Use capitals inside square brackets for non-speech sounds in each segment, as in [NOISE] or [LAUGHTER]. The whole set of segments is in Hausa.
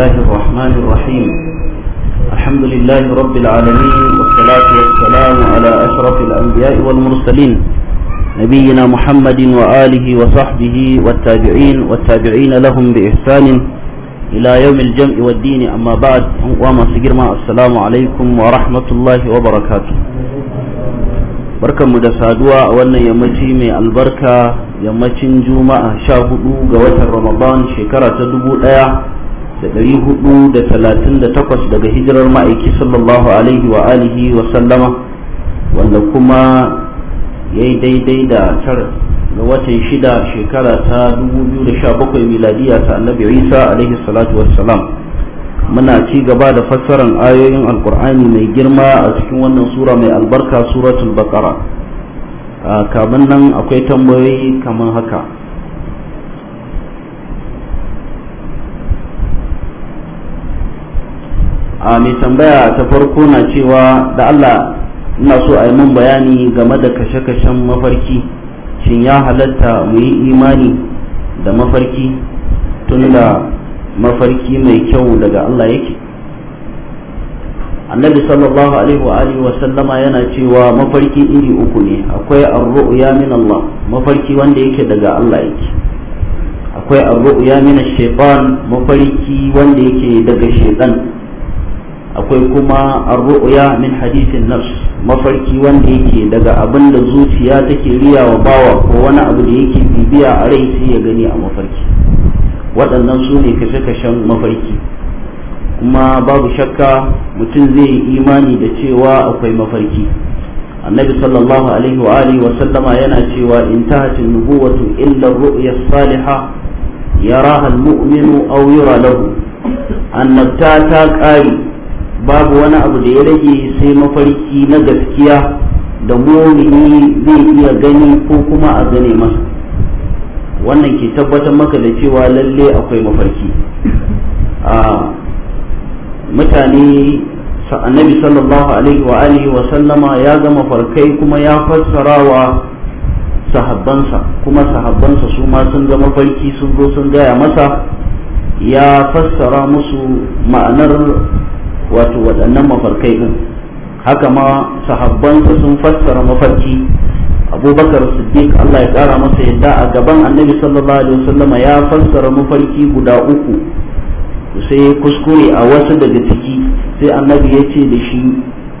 الله الرحمن الرحيم الحمد لله رب العالمين والصلاة والسلام على أشرف الأنبياء والمرسلين نبينا محمد وآله وصحبه والتابعين والتابعين لهم بإحسان إلى يوم الجمع والدين أما بعد وما سجرما السلام عليكم ورحمة الله وبركاته barkanmu da saduwa a wannan yammaci mai albarka yammacin juma'a sha hudu ga watan ramadan shekara ta dubu daya da ɗari hudu da talatin da takwas daga hijirar ma'aiki sallallahu alaihi wa alihi wa sallama wanda kuma ya yi daidai da tar ga watan shida shekara ta 2017 miladiya ta annabi isa alaihi salatu wassalam muna ci gaba da fassarar ayoyin alkur'ani mai girma a cikin wannan sura mai albarka suratul baqara kamin nan akwai tambayoyi kamar haka a mai tambaya ta farko na cewa da Allah ina so a yi mun bayani game da kashe-kashen mafarki shin ya halatta mu yi imani da mafarki tun da mafarki mai kyau daga Allah yake annabi sallallahu alaihi wa alihi wa sallama yana cewa mafarki iri uku ne akwai ar-ru'ya min Allah mafarki wanda yake daga Allah yake akwai ar-ru'ya min ash-shaytan mafarki wanda yake daga shaytan akwai kuma ar min hadithin nafs mafarki wanda yake daga abin da zuciya take riya wa bawa ko wani abu da yake bibiya a rai sai ya gani a mafarki waɗannan su ne kashe-kashen mafarki kuma babu shakka mutum zai yi imani da cewa akwai mafarki annabi sallallahu alaihi wa alihi wa sallama yana cewa in tahatin nubuwatu illa ru'ya salihah yaraha al-mu'minu aw yura lahu annabta ta ƙari babu wani abu da ya rage sai mafarki na gaskiya da mumini zai iya gani ko kuma a gane masa wannan ke tabbatar maka da cewa lalle akwai mafarki a mutane annabi sallallahu alaihi wa alihi wa sallama ya gama farkai kuma ya fassarawa sahabbansa kuma sahabbansa su ma sun zama farki sun zo sun gaya masa ya fassara musu ma'anar wato waɗannan mafarkai ɗin haka ma sahabbansa sun fassara mafarki abubakar siddiq allah ya ƙara masa yadda a gaban annabi sallallahu alaihi wasallama ya fassara mafarki guda uku sai kuskure a wasu daga ciki sai annabi ya ce da shi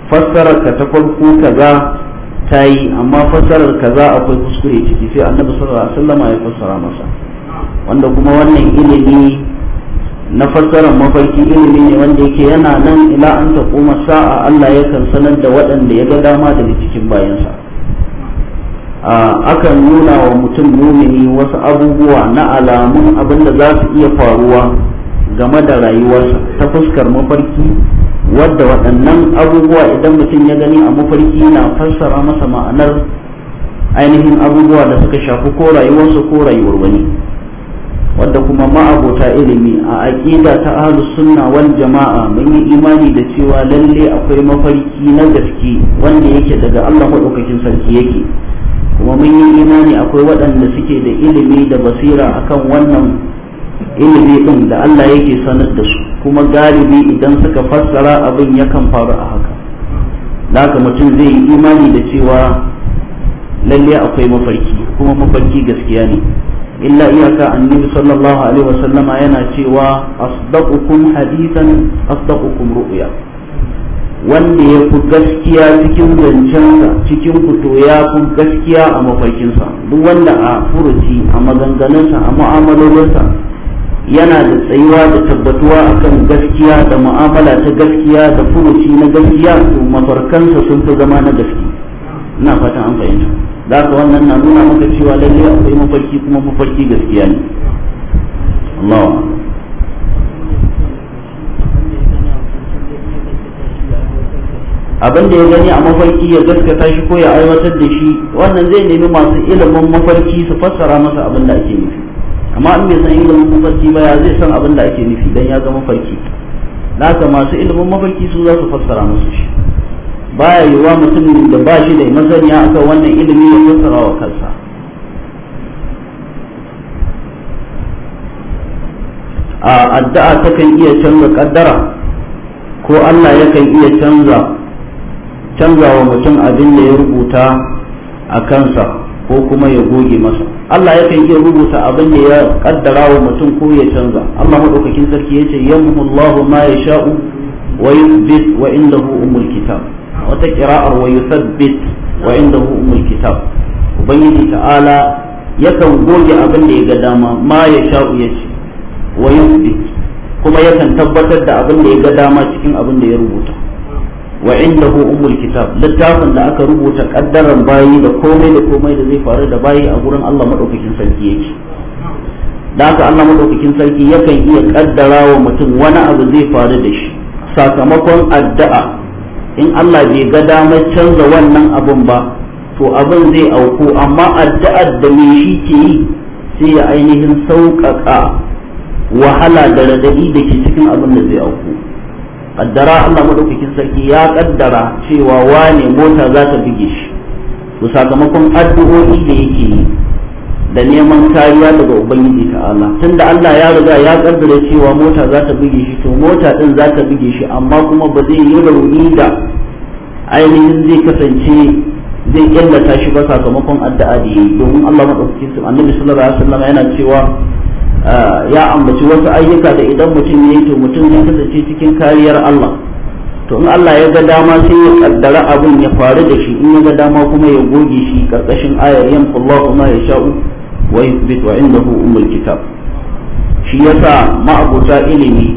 fassarar ka ta farko kaza ta yi amma fassarar kaza akwai kuskure ciki sai annabi sallallahu alaihi wasallama ya fassara masa wanda kuma wannan ilimi na fassarar mafarki ilimi ne wanda yake yana nan ila an ta kuma sa'a Allah yakan sanar da waɗanda ya ga dama daga cikin bayansa a akan nuna wa mutum mumini wasu abubuwa na alamun abin da za su iya faruwa game da rayuwarsa ta fuskar mafarki wadda waɗannan abubuwa idan mutum ya gani a mafarki na fassara masa ma'anar ainihin abubuwa da suka shafi ko rayuwarsa ko rayuwar wani wadda kuma ma'abota ilimi a aƙida ta ahlus sunna wal jama'a mun yi imani da cewa lalle akwai mafarki na gaske wanda yake daga Allah madaukakin sarki yake kuma mun yi imani akwai waɗanda suke da ilimi da basira akan wannan ilimi ɗin da Allah yake sanar da su kuma galibi idan suka fassara abin yakan faru a haka haka mutum zai yi imani da cewa lalle akwai mafarki kuma mafarki gaskiya ne illa iyaka annabi sallallahu alaihi wasallam yana cewa asdaqukum hadithan asdaqukum ru'ya wanda ya fi gaskiya cikin zancensa cikin fito ya fi gaskiya a mafarkinsa duk wanda a furuci a maganganunsa a mu'amalolinsa yana da tsayuwa da tabbatuwa akan gaskiya da mu'amala ta gaskiya da furuci na gaskiya to mafarkansa sun fi zama na gaskiya ina fatan an fahimta za ka wannan na nuna maka cewa lalle akwai mafarki kuma mafarki gaskiya ne Allah abin da ya gani a mafarki ya gaskata shi ko ya aiwatar da shi wannan zai nemi masu ilimin mafarki su fassara masa abin da ake nufi amma in bai san ilimin mafarki ba ya zai san abin da ake nufi dan ya ga mafarki haka masu ilimin mafarki su za su fassara musu shi baya yiwuwa mutumin da ba shi da masaniya akan wannan ilimi ya fassara wa kansa a addu'a takan iya canza kaddara ko Allah yakan iya canza canza wa mutum abin da ya rubuta a kansa ko kuma ya goge masa Allah yakan iya rubuta abin da ya kaddara wa mutum ko ya canza Allah madaukakin sarki yace yamhu Allahu ma yasha'u wa yuzbit wa indahu umul kitab wata kira'ar wa yusabbit wa indahu umul kitab ubangiji ta'ala yakan goge abin da ya ga dama ma ya sha'u ya ce wa yusabbit kuma yakan tabbatar da abin da ya ga dama cikin abin da ya rubuta wa indahu umul kitab littafin da aka rubuta kaddaran bayi da komai da komai da zai faru da bayi a gurin Allah madaukakin sarki yake da haka Allah madaukakin sarki yakan iya kaddara wa mutum wani abu zai faru da shi sakamakon addu'a in Allah bai ga damar canza wannan abin ba to abin zai auku amma addu'ar da mai shi ke yi sai ya ainihin sauƙaƙa wahala da radadi da ke cikin abin da zai auku kaddara Allah madaukakin sarki ya kaddara cewa wane mota za ta buge shi to sakamakon addu'o'i da yake yi da neman kariya daga ubangiji ta'ala tunda Allah ya riga ya kaddara cewa mota za ta buge shi to mota din za ta buge shi amma kuma ba zai yi rauni da ainihin zai kasance zai illata shi ba sakamakon addu'a da yi domin Allah madaukakin su annabi sallallahu alaihi wasallam yana cewa ah, ya ambaci wasu ayyuka da idan mutum ya yi to mutum zai kasance cikin kariyar Allah to in Allah ya ga dama sai ya kaddara abin ya faru da shi in ya ga dama kuma ya goge shi karkashin ayar yamqullahu ma sha'u. wa yuthbit wa indahu ummul kitab shi yasa ma'abuta ilimi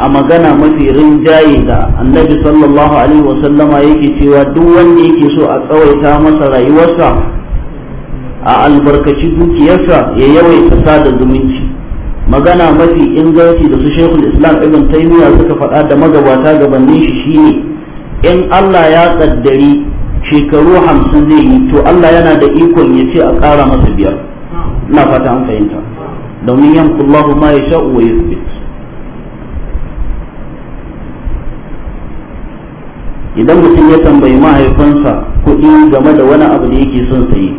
a magana mafi rinjaye da annabi sallallahu yake cewa duk wanda yake so a tsawaita masa rayuwarsa a albarkaci dukiyarsa ya yawaita sada zumunci magana mafi inganci da su shekul islam ibn taymiya suka faɗa da magabata gabanin shi shine in allah ya tsaddari. shekaru hamsin zai yi to Allah yana da ikon ya ce a ƙara masa biyar na fata an fahimta domin kullahu ma ya sha uwa idan mutum ya tambayi mahaifinsa kuɗi game da wani abu da yake son sayi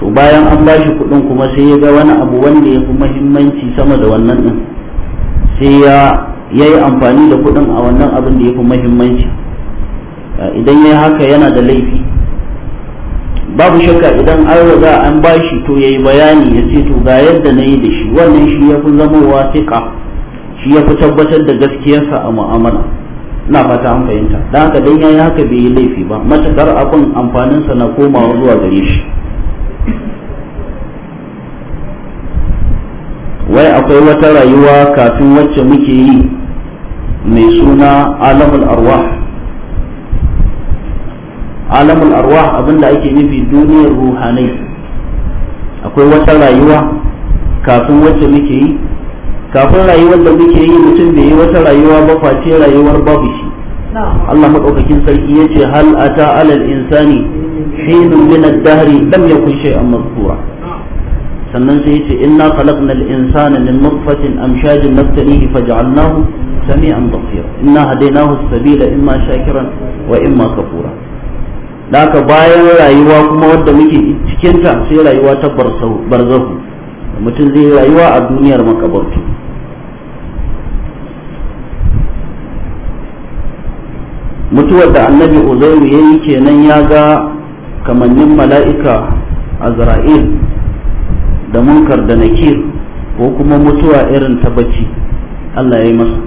to bayan an bashi kuɗin kuma sai ya ga wani abu wanda ya fi mahimmanci sama da wannan ɗin sai ya yi amfani da kuɗin a wannan abin da ya fi mahimmanci idan ya haka yana da laifi babu shakka idan an za an bashi to yayi bayani ya ce to ga yadda na yi da shi wannan shi ya fi zamowa fiƙa shi ya fi tabbatar da gaskiyarsa a mu'amala na fata an fahimta don haka dan yayi haka bai yi laifi ba matakar abin amfaninsa na komawa zuwa gare shi wai akwai wata rayuwa kafin wacce muke yi mai suna alamul arwah alamul arwah da ake nufi duniyar ruhanai akwai wata rayuwa kafin wacce muke yi kafin rayuwar da muke yi mutum bai yi wata rayuwa ba face rayuwar babu shi Allah maɗaukakin sarki yace hal ata alal insani hinun min ad-dahri lam yakun shay'an mazkura sannan sai yace inna khalaqnal insana min nutfatin amshajin nabtalihi faj'alnahu sami'an basira inna hadaynahu as-sabila imma shakiran wa imma kafura da haka bayan rayuwa kuma wadda muke cikinta sai rayuwa ta barzahu mutum zai rayuwa a duniyar makabartu mutuwar da annabi uzairu ya yi kenan ya ga kamannin mala'ika azra'il da munkar da nakir ko kuma mutuwa irin ta bacci allah ya yi masa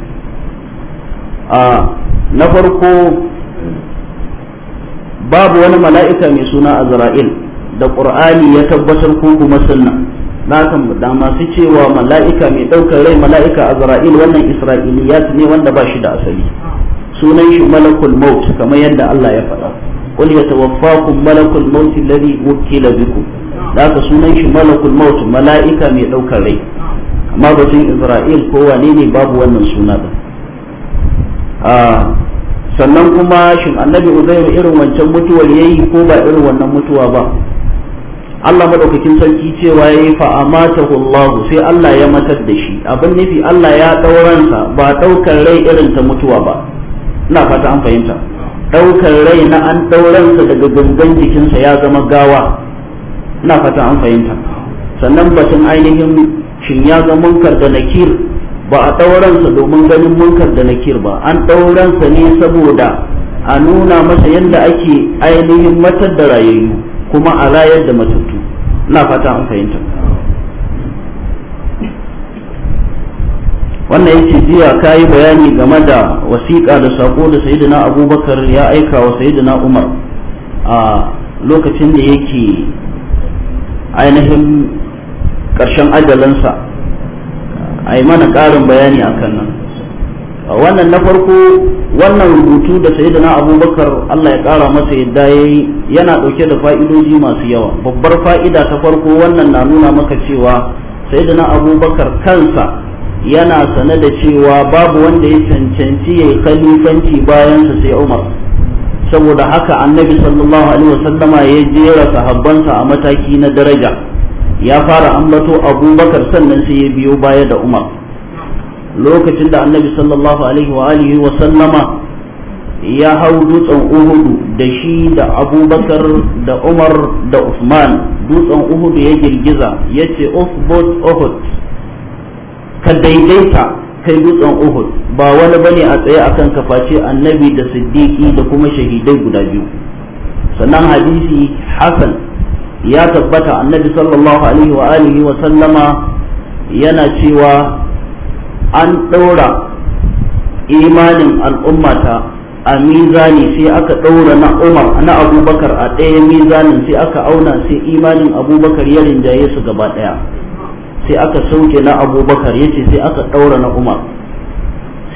a na farko babu wani mala'ika mai suna azra'il da qur'ani ya tabbatar ko kuma sunna da masu cewa mala'ika mai ɗaukar rai mala'ika azra'il wannan isra'iliyat ne wanda ba shi da asali sunan shi malakul maut kamar yadda Allah ya faɗa qul yatawaffakum malakul maut alladhi wukila bikum ka sunan shi malakul maut mala'ika mai ɗaukar rai amma batun isra'il ko wane ne babu wannan suna ba sannan kuma shin annabi uzair irin wancan mutuwar yayi ko ba irin wannan mutuwa ba Allah madaukakin sarki cewa yayi fa amatahu Allah sai Allah ya matar da shi abin nufi Allah ya dauransa ba daukar rai irin ta mutuwa ba ina fata an fahimta daukar rai na an dauransa daga gangan jikinsa ya zama gawa ina fata an fahimta sannan batun ainihin shin ya zama munkar da nakir ba a ɗauransa domin ganin munkar da nakir ba an ɗauransa ne saboda a nuna masa yadda ake ainihin matar da rayayyu kuma a rayar da matattu na fata an fahimta wannan yake jiya ka yi bayani game da wasiƙa da saƙo da sayidina abubakar ya aika wa sayidina umar a lokacin da yake ainihin ƙarshen ajalansa a yi mana ƙarin bayani a kan nan wannan na farko wannan rubutu da sai na abubakar allah ya ƙara masa yadda ya yi yana ɗauke da fa'idoji masu yawa babbar fa'ida ta farko wannan na nuna maka cewa sai na abubakar kansa yana sane da cewa babu wanda ya cancanci ya yi kalifanci bayansa sai umar saboda haka annabi sallallahu alaihi wasallama ya jera sahabbansa a mataki na daraja ya fara ambato abubakar sannan sai ya biyo baya da umar lokacin da annabi sallallahu alaihi wa alihi wa sallama ya hau dutsen uhudu da shi da abubakar da umar da usman dutsen uhudu ya girgiza ya ce usbot uhud ka daidaita kai dutsen uhud ba wani bane a tsaye akan kafaci annabi da siddiqi da kuma shahidai guda biyu sannan hadisi hasan ya tabbata annabi sallallahu alaihi wa alihi wa sallama yana cewa an ɗora imanin al'ummata a mizani sai aka ɗora na umar na abubakar a ɗaya mizanin sai aka auna sai imanin abubakar ya rinjaye su gaba ɗaya sai aka sauke na abubakar ya ce sai aka ɗora na umar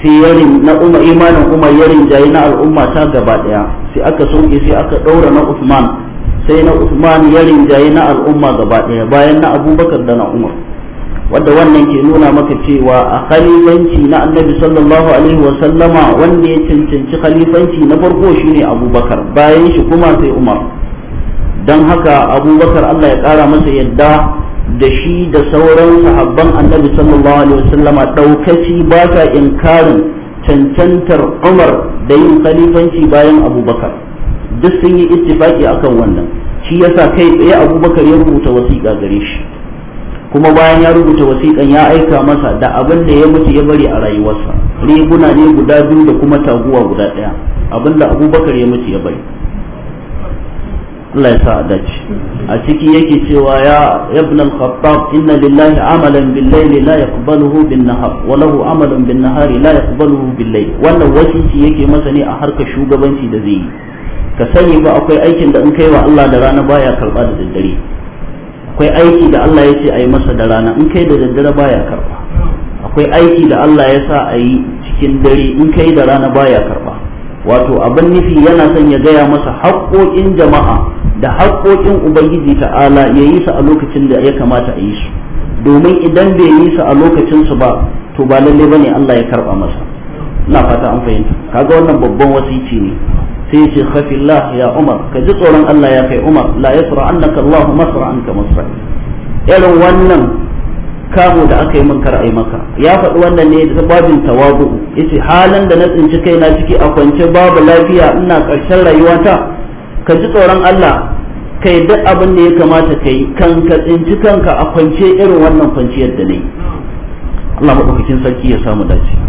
sai yarin na umar imanin umar ya rinjaye na al'ummata gaba ɗaya sai aka sauke sai aka ɗora na usman sai na Usman ya rinjaye na al'umma gaba ɗaya bayan na Abubakar da na Umar wadda wannan ke nuna maka cewa a khalifanci na Annabi sallallahu alaihi wa sallama wanda ya cancanci khalifanci na farko shine Abubakar bayan shi kuma sai Umar dan haka Abubakar Allah ya ƙara masa yadda da shi da sauran sahabban Annabi sallallahu alaihi wa sallama ba sa inkarin cancantar Umar da yin khalifanci bayan Abubakar duk sun yi ittifaki akan wannan shi yasa kai tsaye abubakar ya rubuta wasiƙa gare shi kuma bayan ya rubuta wasiƙan ya aika masa da abin da ya mutu ya bari a rayuwarsa riguna ne guda biyu da kuma taguwa guda ɗaya abin da abubakar ya mutu ya bari Allah ya sa a dace a ciki yake cewa ya ibn al-khattab inna lillahi amalan bil layli la yaqbaluhu bin nahar wa lahu amalan bin nahari la yaqbaluhu bil layl wannan wasiki yake masa ne a harkar shugabanci da zai yi ka sani ba akwai aikin da in kai wa Allah da rana baya karba da daddare akwai aiki da Allah ya ce a yi masa da rana in kai da daddare baya karba akwai aiki da Allah ya sa a yi cikin dare in kai da rana baya karba wato abin nufi yana son ya gaya masa haƙoƙin jama'a da haƙoƙin ubangiji ta'ala ya yi su a lokacin da ya kamata a yi su domin idan bai yi su a lokacin su ba to ba lalle bane Allah ya karba masa ina fata an fahimta kaga wannan babban wasici ne sai ce khafillah ya umar ka ji tsoron Allah ya kai umar la yasra annaka Allah masra anka masra irin wannan kamo da aka yi min kar ai maka ya faɗi wannan ne da babin tawabu yace halin da na tsinci kai na ciki a kwance babu lafiya ina ƙarshen rayuwata ka ji tsoron Allah kai duk abin da ya kamata ka yi kan ka tsinci kanka a kwance irin wannan kwanciyar da na yi Allah sarki ya samu dace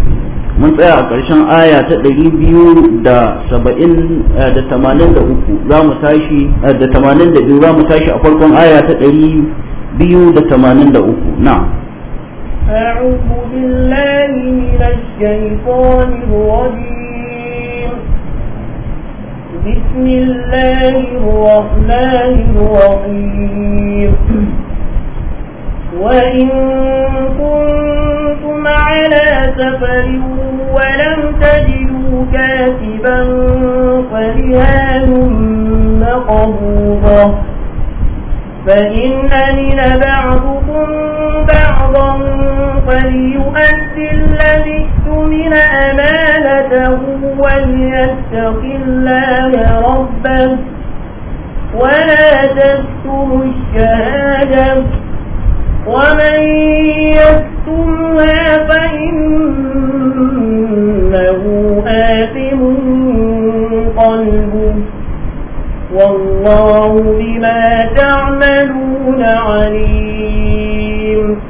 mun tsaya a ƙarshen aya ta ɗari biyu da saba'in eh, da tamanin da uku za mu tashi eh, da tamanin da biyu za mu tashi a farkon aya ta ɗari biyu da tamanin da uku na بسم الله الرحمن الرحيم [CLEARS THROAT] وإن كنت على سفر ولم تجدوا كاتبا فرهان مقبوضة فإن أمن بعضكم بعضا فليؤدي الذي اؤتمن أمانته وليتق الله ربه ولا تكتموا الشهادة ومن يكتمها فإنه آثم قلبه والله بما تعملون عليم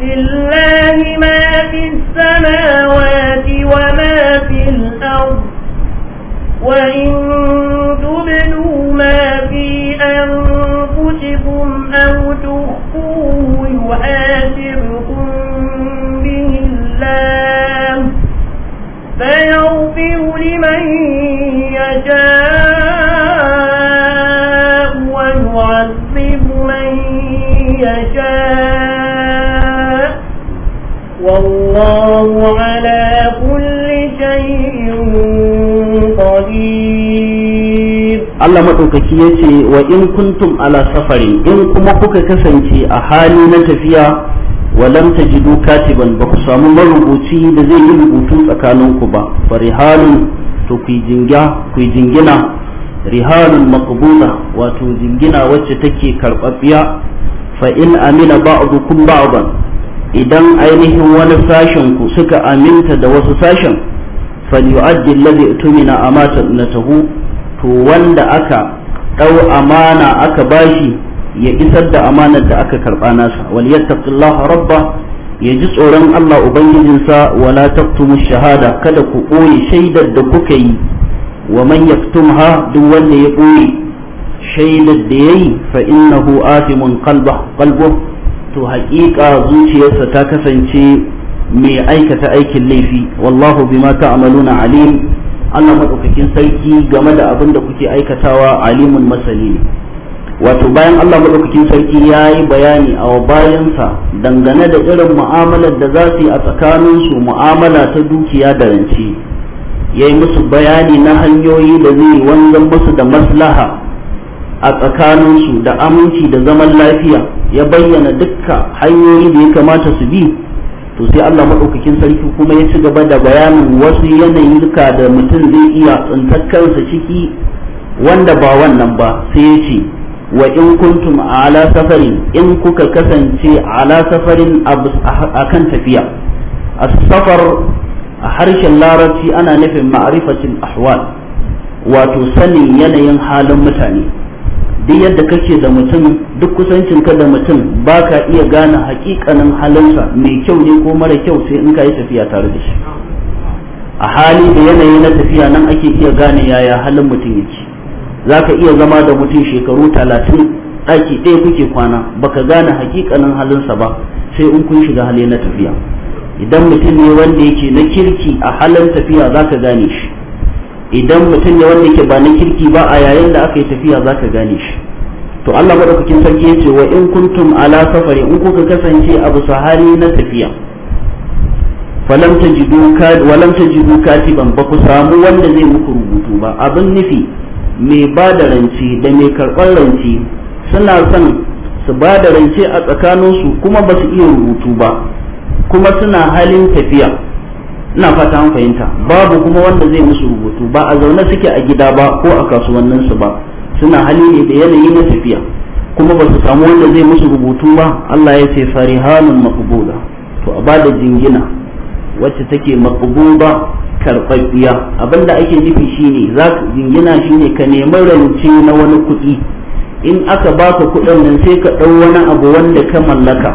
لله ما في السماوات وما في الأرض وإن تبدوا ما في أنفسكم أنفسكم أو تخفوه يحاسبكم به الله فيغفر لمن يشاء ويعذب من يشاء والله على كل Allah maɗaukaki ya ce wa in kuntum ala safarin in kuma kuka kasance a hali na tafiya wa tajidu katiban ba ku samu marubuci da zai yi rubutu tsakaninku ba fa rihalun to ku jingya jingina rihalun maqbula wato jingina wacce take karɓaɓɓiya fa in amina ba'dukum ba'dan idan ainihin wani sashen ku suka aminta da wasu sashen falyu'addi alladhi tumina natahu. to wanda aka ɗau amana aka bashi ya isar da amanar da aka karɓa nasa wal yattaqillah rabba ya ji tsoron Allah ubangijinsa wala taktumu shahada kada ku ɓoye shaidar da kuka yi wa man yaktumha duk wanda ya ɓoye shaidar da yayi fa innahu athimun qalbah qalbuh to haƙiƙa zuciyarsa ta kasance mai aikata aikin laifi wallahu bima ta'maluna alim Allah madaukakin sarki game da abin da kuke aikatawa alimun masani wato bayan Allah madaukakin sarki ya yi bayani a bayansa dangane da irin mu'amalar da za su yi a tsakanin su mu'amala ta dukiya da rance ya yi musu bayani na hanyoyi da zai wanzan musu da maslaha a tsakanin su da aminci da zaman lafiya ya bayyana dukkan hanyoyi da ya kamata su bi to sai Allah maɗaukakin sarki kuma ya ci gaba da bayanin wasu ka da mutum zai iya tsintar kansa ciki wanda ba wannan ba sai ya ce wa in kuntum ala safarin in kuka kasance ala safarin kan tafiya as-safar a harshen larabci ana nufin ma'rifatin ahwal wato sanin yanayin halin mutane duk yadda kake da mutum duk kusancin ka da mutum ba ka iya gane hakikanin halinsa mai kyau ne ko mara kyau sai in ka yi tafiya tare da shi a hali da yanayi na tafiya nan ake iya gane yaya halin mutum yake za ka iya zama da mutum shekaru talatin ɗaki ɗaya kuke kwana baka gane hakikanin halinsa ba sai in kun shiga hali na tafiya idan mutum ne wanda yake na kirki a halin tafiya za ka gane shi idan mutum ne wanda yake ba na kirki ba a yayin da aka yi tafiya za ka gane shi to Allah madaukakin sarki ya ce wa in kuntum ala safari in kuka kasance abu sahari na tafiya walam ta jidu ban ba ku samu wanda zai muku rubutu ba abin nufi mai ba da rance da mai karɓar rance suna son su ba da rance a tsakaninsu kuma ba su iya rubutu ba kuma suna halin tafiya ina fata an fahimta babu kuma wanda zai musu rubutu ba a zaune suke a gida ba ko a kasuwannin su ba suna hali ne da yanayi na tafiya kuma ba su samu wanda zai musu rubutu ba Allah ya ce farihanun maqbuda to a bada jingina wacce take maqbuda karɓaɓɓiya abinda ake nufi shine za ka jingina shine ka nemi rance na wani kuɗi in aka baka kuɗin nan sai ka ɗau wani abu wanda ka mallaka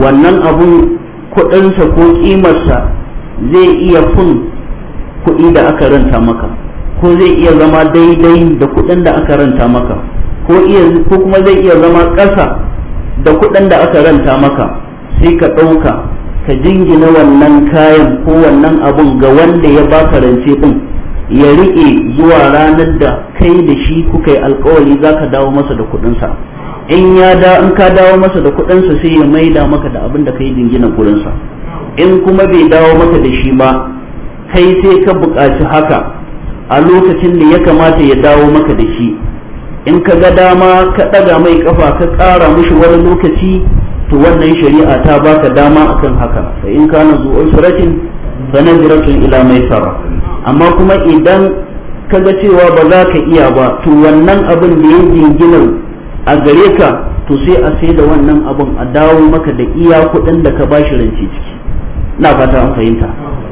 wannan abun kuɗinsa ko ƙimarsa zai iya kun kuɗi da aka ranta maka ko zai iya zama daidai da kuɗin da aka ranta maka ko kuma zai iya zama ƙasa da kuɗin da aka ranta maka sai ka ɗauka ka jingina wannan kayan ko wannan abun ga wanda ya baka rance ɗin ya riƙe zuwa ranar da kai da shi kuka yi alkawari za ka dawo masa da kuɗinsa in ya da in ka dawo masa da kuɗinsa sai ya maida maka da abin da ka yi kuɗinsa in kuma bai dawo maka da shi ba kai sai ka buƙaci haka a lokacin da ya kamata ya dawo maka da shi in ka ga dama ka ɗaga mai ƙafa ka ƙara mushi wani lokaci to wannan shari'a ta baka dama akan haka fa in kana zuwa suratin fa naziratun ila maisara amma kuma idan ka ga cewa ba za ka iya ba to wannan abin da ya jingina a gare ka to sai a sai da wannan abin a dawo maka da iya kuɗin da ka bashi rance ciki ina fata an fahimta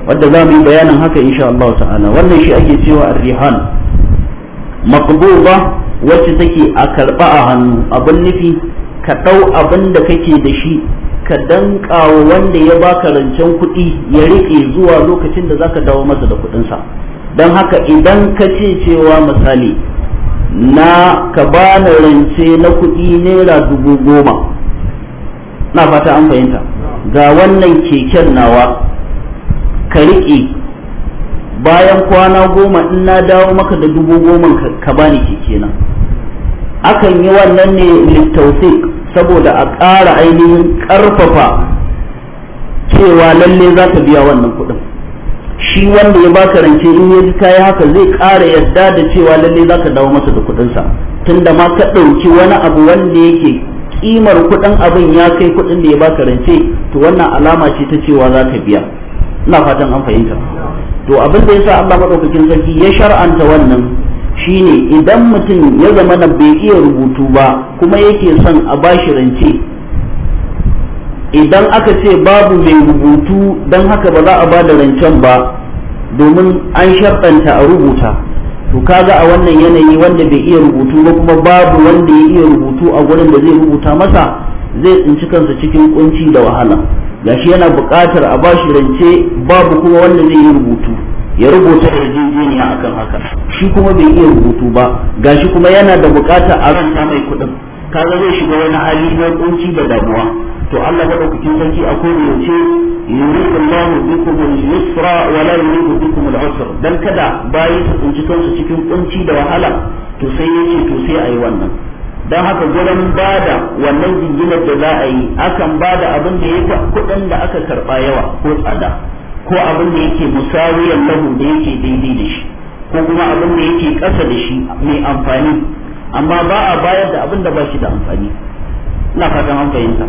wanda za mu yi bayanin haka insha Allah ta'ala wannan shi ake cewa ar-rihan maqbuda wacce take a karba a hannu abin nufi ka dau abin da kake da shi ka danka wanda ya baka rancen kuɗi ya riƙe zuwa lokacin da zaka dawo masa da kuɗin sa don haka idan ka ce cewa misali na ka bani rance na kuɗi naira dubu goma na fata an fahimta ga wannan keken nawa ka riƙe bayan kwana goma in na dawo maka da dubu goma ka bani keke na akan yi wannan ne littausik saboda a ƙara ainihin ƙarfafa cewa lalle za ka biya wannan kuɗin shi wanda ya baka rance in ya ji kayi haka zai ƙara yarda da cewa lalle za ka dawo masa da kuɗinsa tunda ma ka ɗauki wani abu wanda yake kimar kuɗin abin ya kai kuɗin da ya baka rance to wannan alama ce ta cewa za ka biya ina fatan an fahimta to abin da yasa Allah madaukakin sarki ya shar'anta wannan shine idan mutum ya zama na bai iya rubutu ba kuma yake son a ba shi rance idan aka ce babu mai rubutu don haka ba za a ba da rancen ba domin an sharɗanta a rubuta to kaga a wannan yanayi wanda bai iya rubutu ba kuma babu wanda ya iya rubutu a gurin da zai rubuta masa zai tsinci kansa cikin kunci da wahala gashi yana buƙatar a bashi rance babu kuma wanda zai yi rubutu ya rubuta da yarjejeniya akan haka shi kuma bai iya rubutu ba gashi kuma yana da buƙatar a ranta mai kuɗin kaga zai shiga wani hali na kunci da damuwa to Allah madaukakin sarki a kowane yace yuridu Allahu bikum al-yusra wa la yuridu bikum al-usra dan kada bayi su kunci kansu cikin kunci da wahala to sai yace to sai ayi wannan don haka gurin bada wannan jinginar da za a yi akan bada abin da yake kuɗin da aka karɓa yawa ko tsada ko abin da yake musawiyan lahu da yake daidai da shi ko kuma abin da yake ƙasa da shi mai amfani amma ba a bayar da abin da ba shi da amfani ina fatan an fahimta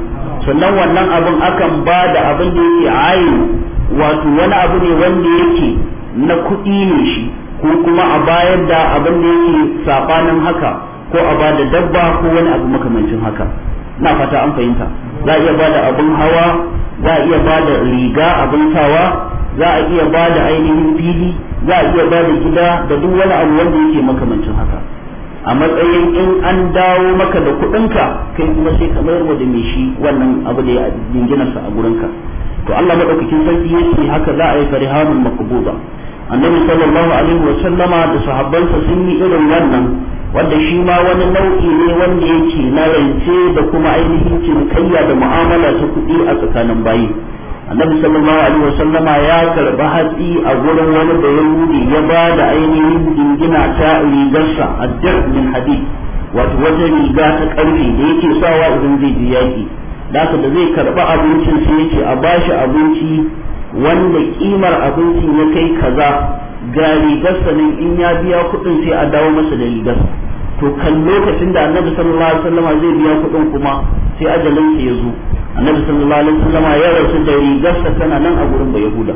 sannan wannan abin akan ba da abin da yake ayi wato wani abu ne wanda yake na kuɗi ne shi ko kuma a bayar da abin da yake sabanin haka ko a ba da dabba ko wani abu makamancin haka ina fata an fahimta za a iya ba da abin hawa za a iya ba da riga abin sawa za a iya ba da ainihin fili za a iya ba da gida da duk wani abu wanda yake makamancin haka a matsayin in an dawo maka da kuɗinka kai kuma sai ka mayar da mai shi wannan abu da ya sa a gurinka to Allah madaukakin sarki yake haka za a yi farihamun makbuba annabi sallallahu alaihi wa sallama da sahabbansa sun yi irin wannan wanda shi ma wani nau'i ne wanda yake na rance da kuma ainihin cinikayya da mu'amala ta kuɗi a tsakanin bayi annabi sallallahu alaihi wasallama ya karba hatsi a gurin wani da yahudi ya ba da ainihin dingina ta rigarsa addir min hadid wato wata riga ta karfe da yake sawa idan zai ji yaki da da zai karba abincin sai yake a bashi abinci wanda kimar abinci ya kai kaza ga rigarsa nan in ya biya kuɗin sai a dawo masa da rigar to kan lokacin da annabi sallallahu alaihi wasallama zai biya kuɗin kuma sai ajalin ya zo annabi sallallahu alaihi wasallam ya rasu da rigarsa tana nan a gurin bayahuda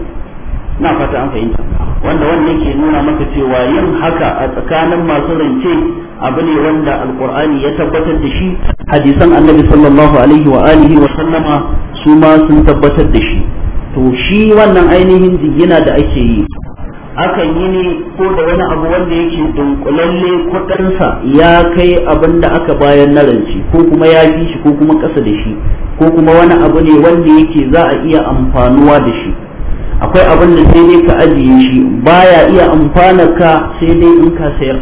na fata an fahimta wanda wannan ke nuna maka cewa yin haka a tsakanin masu rance abu ne wanda alqur'ani ya tabbatar da shi hadisan annabi sallallahu alaihi wa alihi wa sallama su ma sun tabbatar da shi to shi wannan ainihin jingina da ake yi akan yi ne ko da wani abu wanda yake dunkulalle kudansa ya kai abin da aka bayan na rance ko kuma ya fi shi ko kuma ƙasa da shi ko kuma wani abu ne wanda yake za a iya amfanuwa da shi akwai abin da sai dai ka ajiye shi baya iya amfana ka sai dai in ka sayar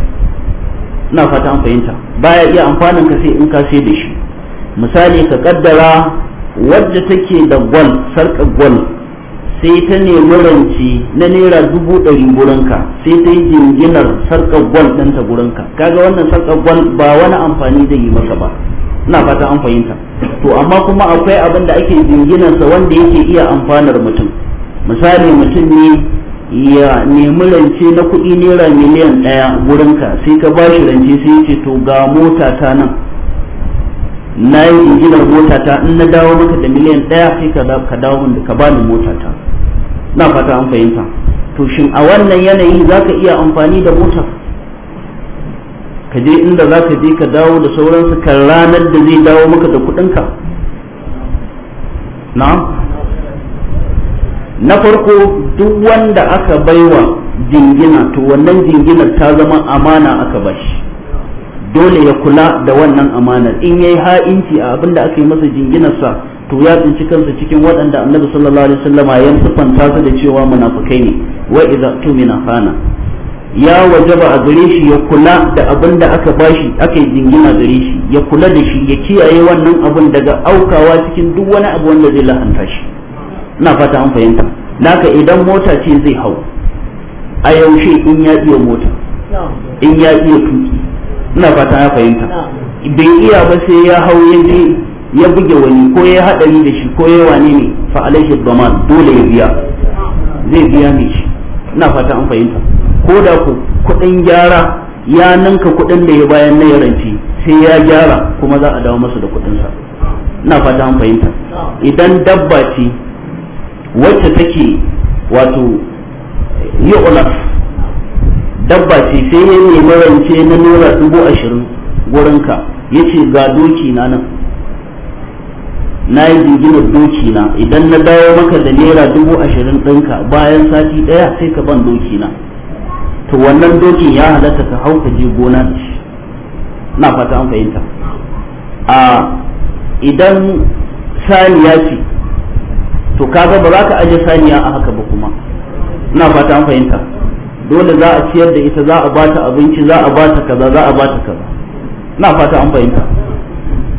ina fata an fahimta baya iya amfanin ka sai in ka sayar da shi misali ka kaddara wadda take da gwal sarka gwal sai ta nemi ranci na naira dubu ɗari gurinka sai ta yi jirginar sarƙar gwal ɗinta gurinka kaga wannan sarƙar gwal ba wani amfani zai yi masa ba ina fata an fahimta to amma kuma akwai abin da ake jinginarsa wanda yake iya amfanar mutum misali mutum ne ya nemi rance na kuɗi naira miliyan ɗaya gurinka sai ka ba shi rance sai ya ce to ga mota ta nan na yi jirginar mota ta in na dawo maka da miliyan ɗaya sai ka dawo ka bani mota ta na fata an fahimta to shin a wannan yanayi za ka iya amfani da mota ka je inda za ka je ka dawo da sauransu kan ranar da zai dawo maka da kudinka na na farko duk wanda aka baiwa jingina to wannan jinginar ta zama amana aka bashi dole ya kula da wannan amanar in yayi ha'inci a abin da aka yi masa jinginarsa to ya tsinci kansa cikin waɗanda annabi sallallahu alaihi wasallam ya siffanta su da cewa munafikai ne wa idza tumina khana ya wajaba a gare shi ya kula da abin da aka bashi aka yi jingina gare shi ya kula da shi ya kiyaye wannan abin daga aukawa cikin duk wani abu wanda zai lahanta shi ina fata an fahimta naka idan mota ce zai hau a yaushe in ya iya mota in ya iya tuki ina fata an fahimta bai iya ba sai ya hau ya ya buge wani ko ya haɗari da shi ko ya wane ne fa alaihi daman dole ya biya zai biya ne shi ina fata an fahimta ko da ku kuɗin gyara ya ninka kuɗin da ya bayan na yaranci sai ya gyara kuma za a dawo masa da sa ina fata an fahimta idan dabba ce wacce take wato yi'ulaf dabba ce sai ya nemi rance na naira dubu ashirin gurinka ya ce ga doki na nan na yi jinginar doki na idan na dawo maka da naira dubu ashirin ɗinka bayan sati ɗaya sai ka ban doki na to wannan dokin ya halatta ka hau ka je gona da shi na fata an fahimta a idan saniya ce to kaga ba za ka aje saniya a haka ba kuma na fata an fahimta dole za a ciyar da ita za a bata abinci za a bata kaza za a bata kaza na fata an fahimta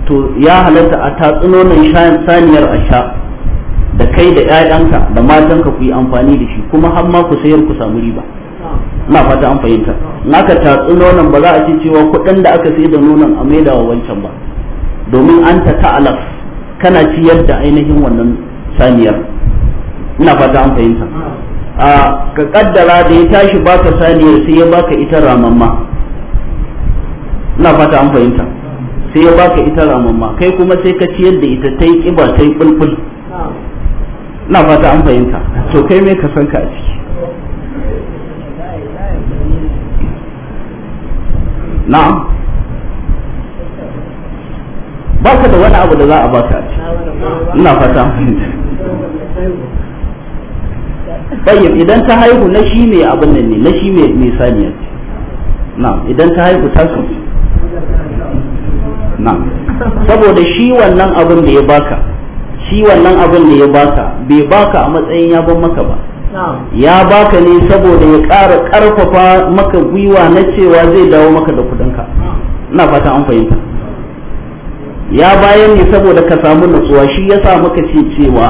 to ya halatta a tatsunonin saniyar asha da kai da 'ya'yanka da matanka ku yi amfani da shi kuma har ma ku sayar ku samu riba na fata an fahimta naka tatsu nonon ba za a ce cewa kuɗin da aka sai da nonon a maida wa wancan ba domin an ta ta'alaf kana ciyar da ainihin wannan saniyar ina fata an fahimta a ka kaddara da ya tashi baka saniyar sai ya baka ita ramamma ina fata an fahimta sai ya baka ita ramamma kai kuma sai ka ciyar da ita ta yi ƙiba ta yi ɓulɓul na fata an fahimta to kai mai ka san ka a ciki ba ka da wani abu da za a ka a ciki ina fata an fahimta idan ta haihu na shi mai abin nan ne na shi mai saniya na idan ta haihu ta su saboda shi wannan abin da ya baka shi wannan abin da ya baka bai baka a matsayin ya ban maka ba ya baka ne saboda ya ƙara ƙarfafa maka gwiwa na cewa zai dawo maka da kudinka ina fata an fahimta ya bayan ne saboda ka samu nutsuwa shi ya sa maka ce cewa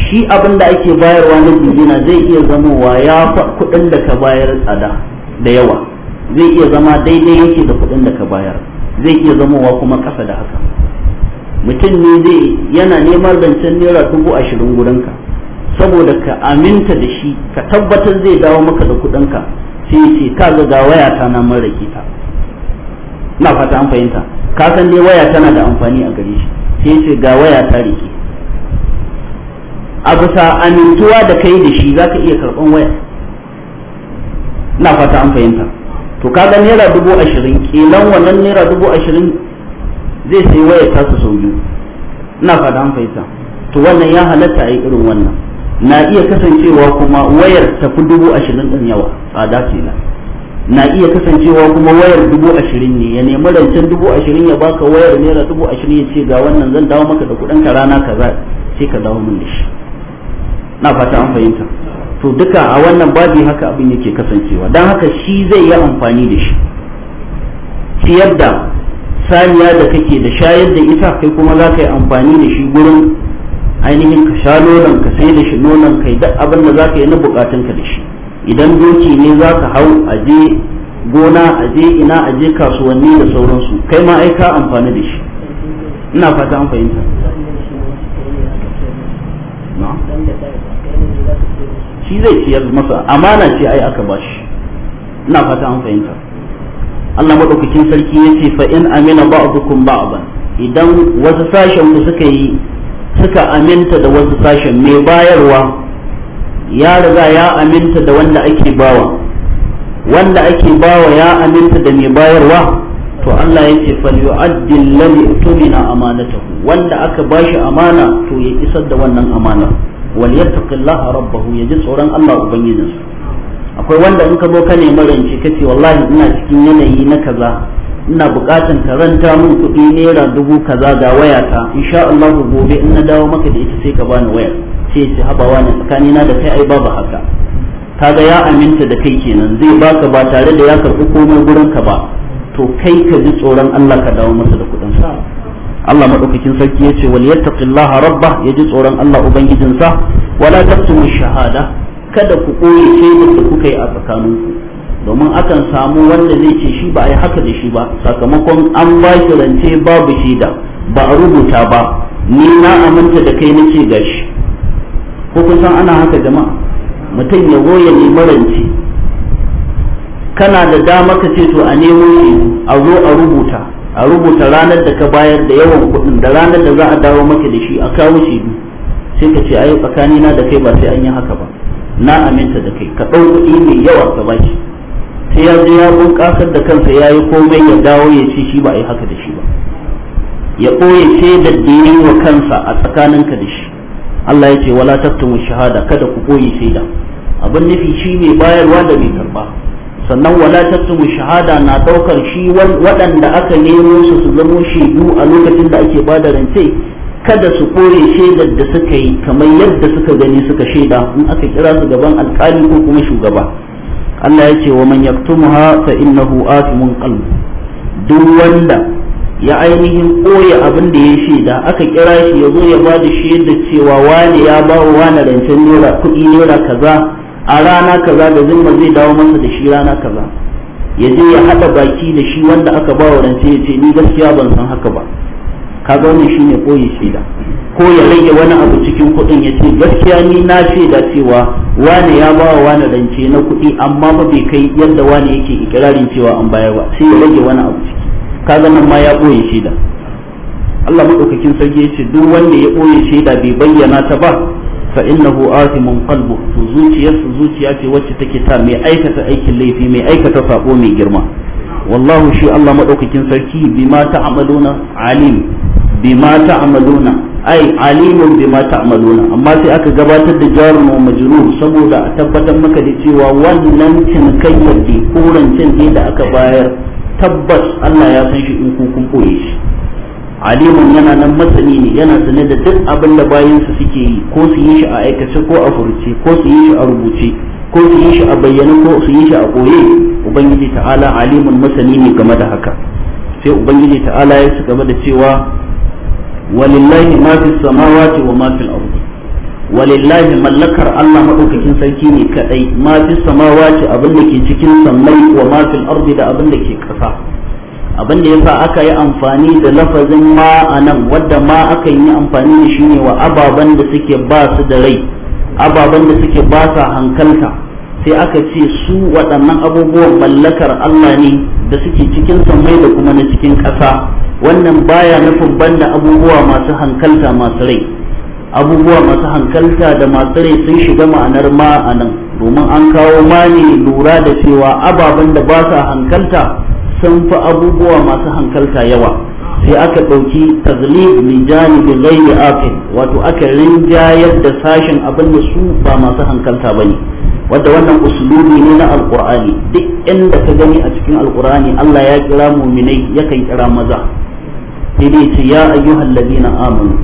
shi abin da ake bayarwa na jirgina zai iya zamowa ya fa kuɗin da ka bayar tsada da yawa zai iya zama daidai yake da kuɗin da ka bayar zai iya zamowa kuma ƙasa da haka mutum ne zai yana neman rancen naira dubu ashirin gudanka saboda ka aminta da shi ka tabbatar zai dawo maka da kuɗinka sai ya ce ka ga waya ta na mara kita na fata an fahimta ka san dai waya tana da amfani a gare shi sai ya ce ga waya ta rike a bisa amintuwa da kai da shi za ka iya karɓan waya na fata an fahimta to kaga naira dubu ashirin kenan wannan naira dubu ashirin zai sai waya ta su sau biyu ina fada an fahimta to wannan ya halatta a yi irin wannan na iya kasancewa kuma wayar tafi dubu ashirin ɗin yawa tsada ce na na iya kasancewa kuma wayar dubu ashirin ne ya nemi rancen dubu ashirin ya baka wayar naira dubu ashirin ya ce ga wannan zan dawo maka da kuɗin ka rana kaza sai ka dawo min da shi na fata an fahimta to duka a wannan babi haka abin yake kasancewa don haka shi zai yi amfani da shi ciyar da saniya da kake da shayar da ita kai kuma za ka yi amfani da shi gurin ainihin ka sha nonon ka sai da shi nonon kai duk abin da za ka yi na bukatun ka da shi idan doki ne za ka hau a je gona a je ina a je kasuwanni da sauransu kai ma ai ka amfani da shi ina fata an fahimta shi zai ciyar masa amana ce ai aka bashi ina fata an fahimta Allah madaukakin sarki yace fa in amina ba'dukum ba'dan idan wasu sashen ku suka yi suka aminta da wasu sashen mai bayarwa ya riga ya aminta da wanda ake bawa wanda ake bawa ya aminta da mai bayarwa to Allah yace falyu'addi alladhi tumina amanatahu wanda aka bashi amana to ya isar da wannan amanar walyattaqillaha rabbahu yaji tsoron Allah su akwai wanda in ka zo ka nemi ka ce wallahi ina cikin yanayi na kaza ina bukatan ka ranta min kuɗi naira dubu kaza ga wayata insha Allah gobe in na dawo maka da ita sai ka bani wayar sai ce habawa ne tsakanina da kai ai babu haka kaga ya aminta da kai kenan zai baka ba tare da ya karɓi komai gurin ka ba to kai ka ji tsoron Allah ka dawo masa da Allah madaukakin sarki yace wal yattaqillaha ya ji tsoron Allah ubangijinsa wala taqtumu shahada kada ku koyi shaidar da kuka yi a tsakaninku domin akan samu wanda zai ce shi ba a yi haka da shi ba sakamakon an ba shi rance babu shaida ba a rubuta ba ni na aminta da kai nake gashi ko kun san ana haka jama'a mutum ya goya ne rance kana da dama ka ce to a nemo shi a zo a rubuta a rubuta ranar da ka bayar da yawan kuɗin da ranar da za a dawo maka da shi a kawo shi sai ka ce ayi tsakani na da kai ba sai an yi haka ba na aminta da kai ka ɗau kuɗi mai yawa ka baki sai ya je ya bunƙasar da kansa ya yi komai ya dawo ya ce shi ba a yi haka da shi ba ya ɓoye ce da dinin wa kansa a tsakaninka da shi Allah ya ce wala tattumu shahada kada ku ɓoye shaida abin nufi shi ne bayarwa da mai karɓa sannan wala mu shahada na daukar shi waɗanda aka nemo su su zamo shaidu a lokacin da ake bada rance kada su kore shaidar da suka yi kamar yadda suka gani suka shaida in aka kira su gaban alkali ko kuma shugaba Allah ya ce wa man yaktumha fa innahu athmun qalb duk wanda ya ainihin koya abin da ya shaida aka kira shi ya zo ya bada shaidar cewa wani ya ba wa wani rancen naira kuɗi naira kaza a rana kaza da zimma zai dawo masa da shi rana kaza ya je ya haɗa baki da shi wanda aka ba wa rance ya ce ni gaskiya ban san haka ba kaga wannan shine koyi shaida ko ya rage wani abu cikin kuɗin ya ce gaskiya ni na shaida cewa wane ya ba wa wani rance na kuɗi amma ba bai kai yadda wani yake ikirarin cewa an bayar ba sai ya rage wani abu ciki kaga nan ma ya koyi shaida Allah maɗaukakin sarki ya ce duk wanda ya ɓoye shaida bai bayyana ta ba fa innahu athimun qalbu to zuciyarsa zuciya ce wacce take ta mai aikata aikin laifi mai aikata sako mai girma wallahu shi Allah madaukakin sarki bima ta'maluna alim bima ta'maluna ai alimun bi ma amma sai aka gabatar da jarun wa saboda a tabbatar maka da cewa wannan cinkayyar da korancin da aka bayar tabbas Allah ya san shi in ku kun koye shi alimun yana nan masani ne yana sane da duk abin da bayansu suke yi ko su yi shi a aikace ko a furuce ko su yi shi a rubuce ko su yi shi a bayyane ko su yi shi a koye ubangiji ta'ala alimun masani ne game da haka sai ubangiji ta'ala ya su game da cewa walillahi ma fi samawati wa ma fil ardi walillahi mallakar Allah madaukakin sarki ne kadai ma fi samawati abin da ke cikin sammai wa ma fil ardi da abin da ke kasa abin da yasa aka yi amfani da lafazin ma a nan wadda ma aka yi amfani da shi ne wa ababen da suke ba su da rai ababen da suke ba sa hankalta sai aka ce su waɗannan abubuwan mallakar Allah ne da suke cikin sammai da kuma na cikin ƙasa wannan baya nufin banda abubuwa masu hankalta masu rai abubuwa masu hankalta da masu rai sun shiga ma'anar ma a domin an kawo ma ne lura da cewa ababen da ba sa hankalta sun fi abubuwa masu hankalta yawa sai aka ɗauki taglib mai janibi ghairi aqil wato aka rinjayar da sashen abin da su ba masu hankalta ne wadda wannan usulubi ne na alqur'ani duk inda ka gani a cikin alqur'ani Allah ya kira mu'minai yakan kira maza sai dai ce ya ayyuhal ladina amanu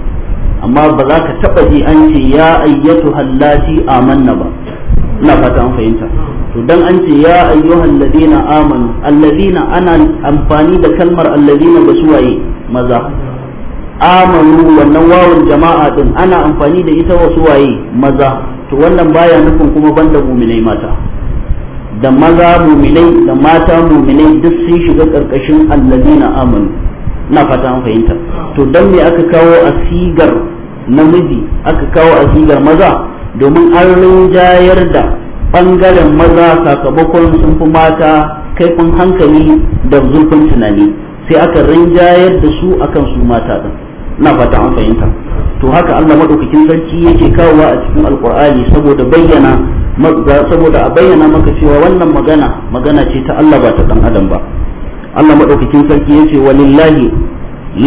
amma ba za ka taba ji an ce ya ayyatuhal lati amanna ba ina fata an fahimta to dan an ce ya ayyuhal ladina amanu alladina ana amfani da kalmar alladina da suwaye maza amanu wannan wawan jama'a din ana amfani da ita wasu waye maza to wannan baya nufin kuma banda muminai mata da maza muminai da mata muminai duk sun shiga karkashin alladina amanu na fata an fahimta to dan me aka kawo asigar namiji aka kawo asigar maza domin an rinjayar da bangaren maza sakamakon sun fi mata kaifin hankali da zurfin tunani sai aka rinjayar da su akan su mata din na fata an fahimta to haka Allah madaukakin sarki yake kawowa a cikin alkur'ani saboda bayyana saboda a bayyana maka cewa wannan magana magana ce ta Allah ba ta dan adam ba Allah madaukakin sarki yace walillahi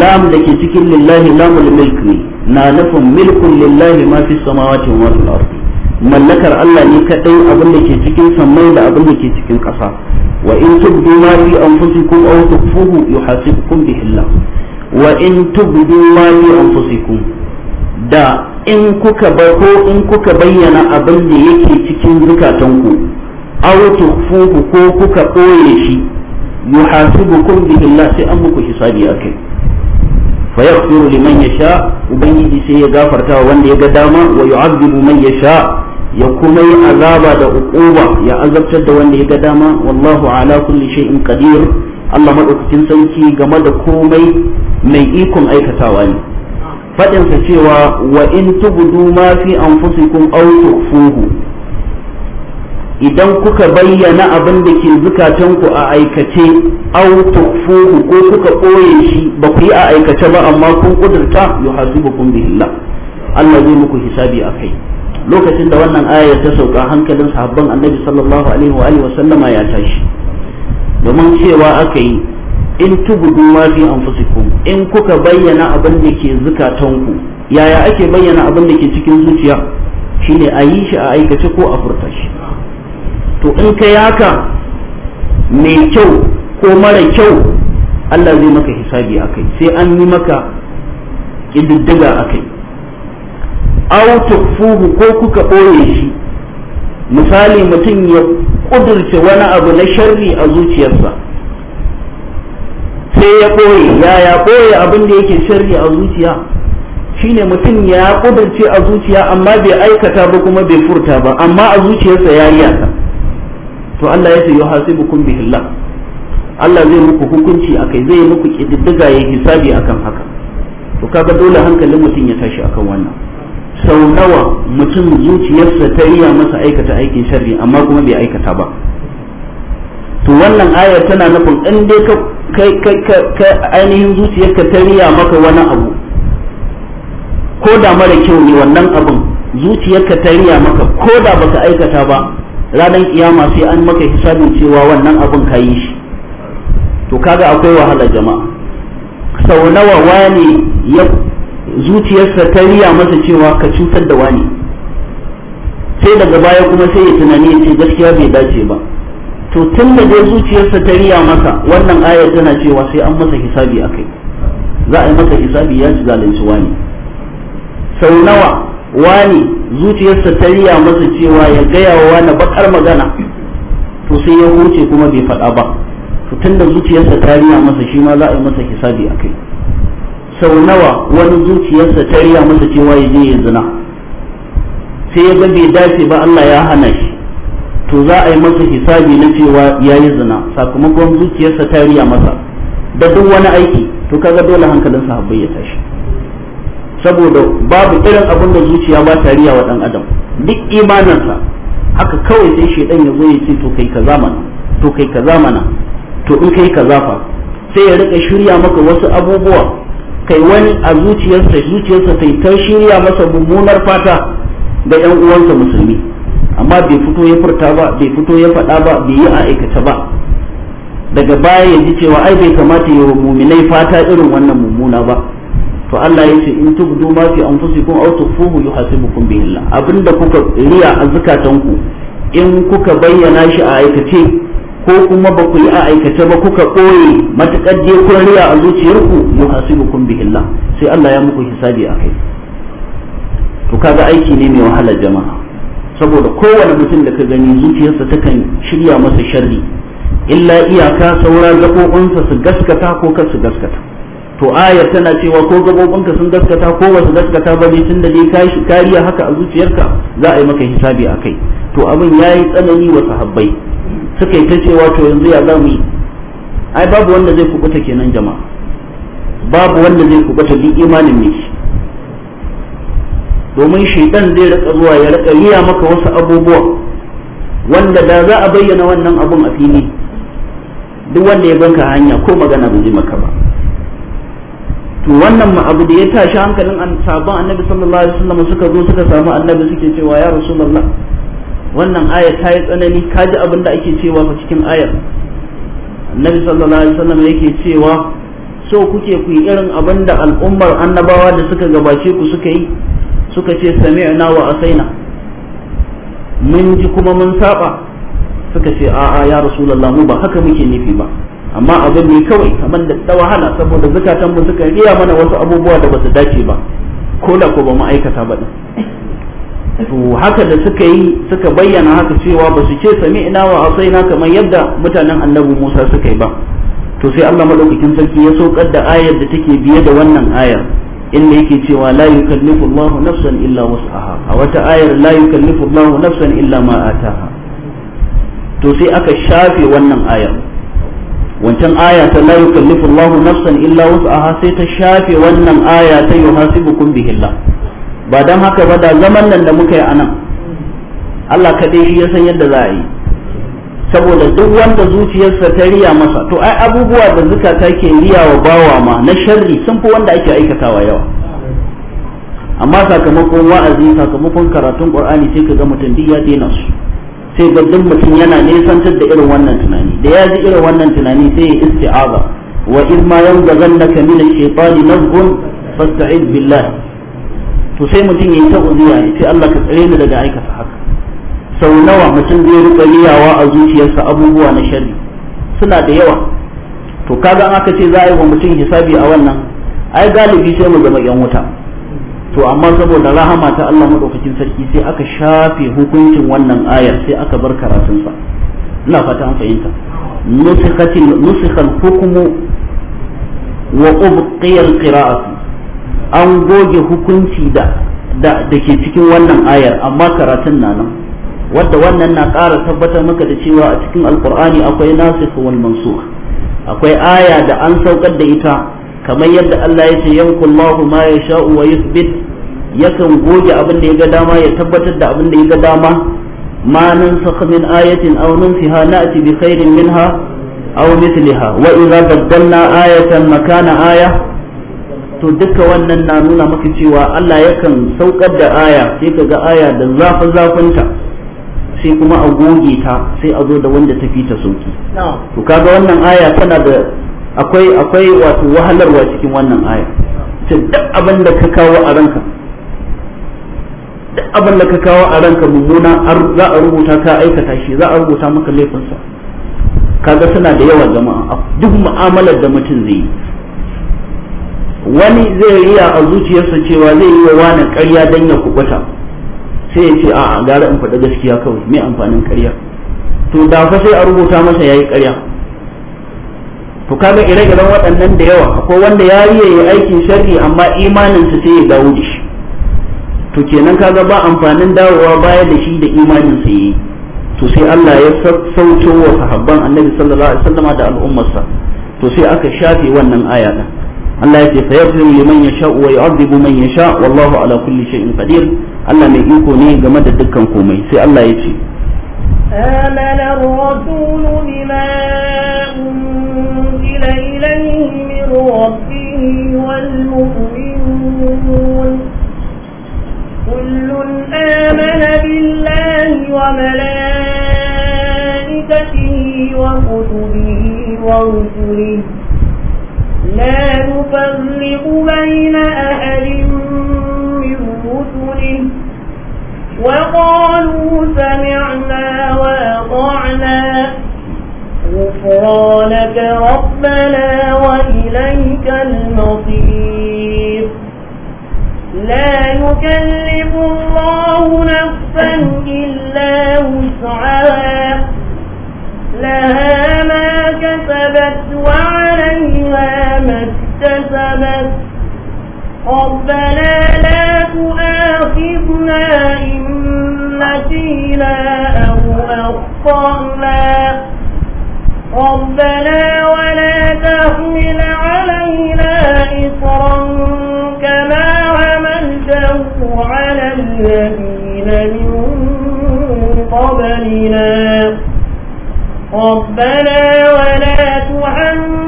lam da ke cikin lillahi lamul mulk ne na nufin milkun lillahi ma fi samawati wa fil ardi mallakar Allah ne kadai abin da ke cikin sammai da abin da ke cikin ƙasa wa in tubdu ma fi anfusikum aw tukhfuhu yuhasibukum bihi Allah wa in tubdu ma fi anfusikum da in kuka ba ko in kuka bayyana abin da yake cikin zukatanku aw tukhfuhu ko kuka boye shi yuhasibukum bihi Allah sai an muku hisabi akai fayaghfiru liman yasha ubangiji sai ya gafarta wa wanda ya ga dama wa yu'adhibu man yasha ya kuma yi azaba da uquba ya azabtar da wanda ya ga dama wallahu ala kulli shay'in qadir Allah madaukakin sarki game da komai mai ikon aikatawa ne fadin sa cewa wa in tubudu ma fi anfusikum aw tukhfuhu idan kuka bayyana abin da ke ku a aikace aw tukhfuhu ko kuka koye shi ba ku yi a aikace ba amma kun kudurta yuhasibukum billah Allah zai muku hisabi akai lokacin da wannan ayar ta sauka hankalin sahabban annabi sallallahu alaihi wa alihi sallama ya tashi domin cewa aka yi in tubudu ma fi anfusikum in kuka bayyana abin da ke zukatanku yaya ake bayyana abin da ke cikin zuciya shine a yi shi a aikace ko a furta shi to in ka haka mai kyau ko mara kyau Allah zai maka hisabi akai sai an yi maka ƙididdiga akai aw tukfuhu ko kuka ɓoye shi misali mutum ya ƙudurce wani abu na sharri a zuciyarsa sai ya ɓoye yaya ɓoye abin yake sharri a zuciya shine mutum ya ƙudurce a zuciya amma bai aikata ba kuma bai furta ba amma a zuciyarsa ya yi yasa to Allah ya sayo hasibukum bihillah Allah zai muku hukunci a kai zai muku kididdiga ya hisabi akan haka to kaga dole hankalin mutum ya tashi akan wannan sau nawa mutum zuciyarsa ta riya masa aikata aikin sharri amma kuma bai aikata ba to wannan ayar tana nufin in dai ka kai kai ainihin zuciyarka ta riya maka wani abu ko da mara kyau ne wannan abin zuciyarka ta riya maka ko da baka aikata ba ranar kiyama sai an maka hisabin cewa wannan abin ka yi shi to kaga akwai wahala jama'a sau nawa wani ya zuciyarsa ta riya masa cewa ka cutar da wani sai daga baya kuma sai ya tunani ya ce gaskiya bai dace ba to tun da dai zuciyarsa ta riya masa wannan ayar tana cewa sai an masa hisabi a kai za a yi masa hisabi ya ci zalunci wani sau nawa wani zuciyarsa ta riya masa cewa ya gaya wa wani bakar magana to sai ya huce kuma bai faɗa ba to tun da zuciyarsa ta riya masa shi ma za a yi masa hisabi a kai sau nawa wani zuciyarsa ta riya masa cewa ya je ya zina sai ya bai dace ba Allah ya hana shi to za a yi masa hisabi na cewa ya yi zina sakamakon zuciyarsa ta riya masa da duk wani aiki to kaga dole hankalin habbai ya tashi saboda babu irin abin da zuciya ba ta riya wa dan adam duk imaninsa haka kawai sai shedan ya zo ya ce to kai kaza mana to kai kaza mana to in kai kaza fa sai ya rika shirya maka wasu abubuwa kai wani a zuciyarsa zuciyarsa ta yi ta shirya masa mummunar fata ga yan uwansa musulmi amma bai fito ya furta ba bai fito ya faɗa ba bai yi a aikata ba daga baya ya ji cewa ai bai kamata ya wa muminai fata irin wannan mummuna ba to Allah ya ce in tubdu ma fi anfusikum aw tukhfuhu yuhasibukum bihi Allah abinda kuka riya a zakatanku in kuka bayyana shi a aikace ko kuma ba ku yi a aikace ba kuka ɓoye matuƙar dai kun riya a zuciyarku mu hasibukum bihillah sai Allah ya muku hisabi a kai to kaga aiki ne mai wahalar jama'a saboda kowane mutum da ka gani zuciyarsa takan shirya masa sharri illa iyaka saura gaɓoɓinsa su gaskata ko kar su gaskata to ayar tana cewa ko gaɓoɓinka sun gaskata ko ba su gaskata ba ne tun da dai kashi kariya haka a zuciyarka za a yi maka hisabi a kai to abin ya yi tsanani wa sahabbai suka yi ta cewa to yanzu ya za mu yi ai babu wanda zai kubuta kenan jama'a babu wanda zai kubuta duk imanin ne domin shaitan zai rika zuwa ya rika riya maka wasu abubuwa wanda da za a bayyana wannan abun a fili duk wanda ya banka hanya ko magana zai maka ba to wannan ma abu da ya tashi hankalin sabon annabi sallallahu alaihi wasallam suka zo suka samu annabi suke cewa ya rasulullah wannan aya ta yi tsanani ka ji abin da ake cewa fa cikin ayar annabi sallallahu alaihi wasallam yake cewa so kuke ku yi irin abin da al'ummar annabawa da suka gabace ku suka yi suka ce sami'na wa asaina mun ji kuma mun saba suka ce a'a ya rasulullah mu ba haka muke nufi ba amma abin ne kawai kamar da ta saboda zukatan mu suka riya mana wasu abubuwa da basu dace ba ko da ko ba mu aikata ba din to haka da suka yi suka bayyana haka cewa ba su ce sami ina wa asaina kamar yadda mutanen annabi Musa suka yi ba to sai Allah madaukakin sarki ya saukar da ayar da take biye da wannan ayar inda yake cewa la yukallifu Allahu nafsan illa wus'aha a wata ayar la yukallifu Allahu nafsan illa ma ataha to sai aka shafe wannan ayar wancan aya ta la yukallifu Allahu nafsan illa wus'aha sai ta shafe wannan aya ta yuhasibukum bihillah ba don haka ba da zaman nan da muka yi a nan Allah kaɗai shi ya san yadda za a yi saboda duk wanda zuciyarsa ta riya masa to ai abubuwa da zukata ke riya wa bawa ma na sharri sun fi wanda ake aikatawa yawa amma sakamakon wa'azi sakamakon karatun qur'ani sai ka ga mutum duk ya daina su sai ga duk mutum yana nesantar da irin wannan tunani da ya ji irin wannan tunani sai ya isti'aza wa in ma naka min shaytani nazghun fasta'id billah to sai mutum ya yi ta uziya ya ce Allah ka tsare ni daga aikata haka sau nawa mutum zai rika liyawa a zuciyarsa abubuwa na sharri suna da yawa to kaga aka ce za a yi wa mutum hisabi a wannan ai galibi sai mu zama yan wuta to amma saboda rahama ta Allah madaukakin sarki sai aka shafe hukuncin wannan ayar sai aka bar karatunsa ina fata an fahimta nusikhatil nusikhal hukmu wa ubqiya al-qira'atu an goge hukunci da da ke cikin wannan ayar amma karatun na nan wadda wannan na ƙara tabbatar maka da cewa a cikin alkur'ani akwai nasu wal mansukh akwai aya da an saukar da ita kamar yadda Allah ya ce yankullahu ma yasha'u wa yuthbit yakan goge abin da ya ga dama ya tabbatar da abin da ya ga dama ma nan min ayatin aw nunsiha na'ti bi khairin minha aw mithliha wa idza baddalna ayatan makana ayah to duka wannan na nuna maka cewa Allah yakan saukar da aya sai ka ga aya da zafin zafinta sai kuma a goge ta sai a zo da wanda fi ta sauki to kaga wannan aya tana da akwai akwai wato wahalarwa cikin wannan aya ce duk abin da ka kawo a ranka duk abin da ka kawo a ranka mummuna za a rubuta ka aikata shi za a rubuta maka laifinsa kaga suna da yawa jama'a duk mu'amalar da mutum zai yi wani zai riya a zuciyarsa cewa zai yi wa wani karya don ya kubuta sai ya ce a'a gara in faɗi gaskiya kawai mai amfanin karya to da fa sai a rubuta masa ya yi karya to kaga ire-iren waɗannan da yawa akwai wanda ya riya ya aikin sharri amma imaninsa sai ya dawo da shi to kenan kaga ba amfanin dawowa baya da shi da imaninsa yayi to sai Allah ya sassauto wa sahabban Annabi sallallahu alaihi wasallama da al'ummarsa to sai aka shafe wannan aya Allah yake sayarfin liman ya sha'u wa yu'adhibu man ya sha wallahu ala kulli shay'in qadir Allah mai iko ne game da dukkan komai sai Allah ya ce آمن الرسول بما أنزل إليه من ربه والمؤمنون كل آمن بالله وملائكته وكتبه ورسله لا نفرق بين أهل من رسله وقالوا سمعنا وأطعنا غفرانك ربنا وإليك المصير لا يكلف الله نفسا ربنا لا تؤاخذنا إن نسينا أو أخطأنا ربنا ولا تحمل علينا إصرا كما عملته على الذين من قبلنا ربنا ولا تحملنا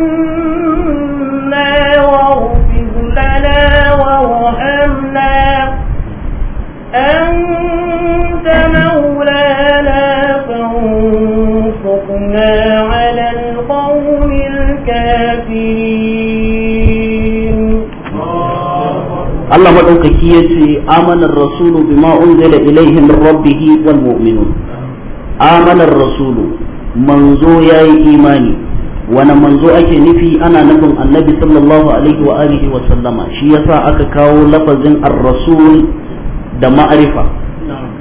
عنا واغفر لنا وارحمنا أنت مولانا فانصرنا على القوم الكافرين الله مدوكي يتي آمن الرسول بما أنزل إليه من ربه والمؤمنون آمن الرسول منزو يا إيماني wani manzo ake nufi ana nufin annabi sallallahu alaihi wa alihi wa sallama shi yasa aka kawo lafazin ar-rasul da ma'arifa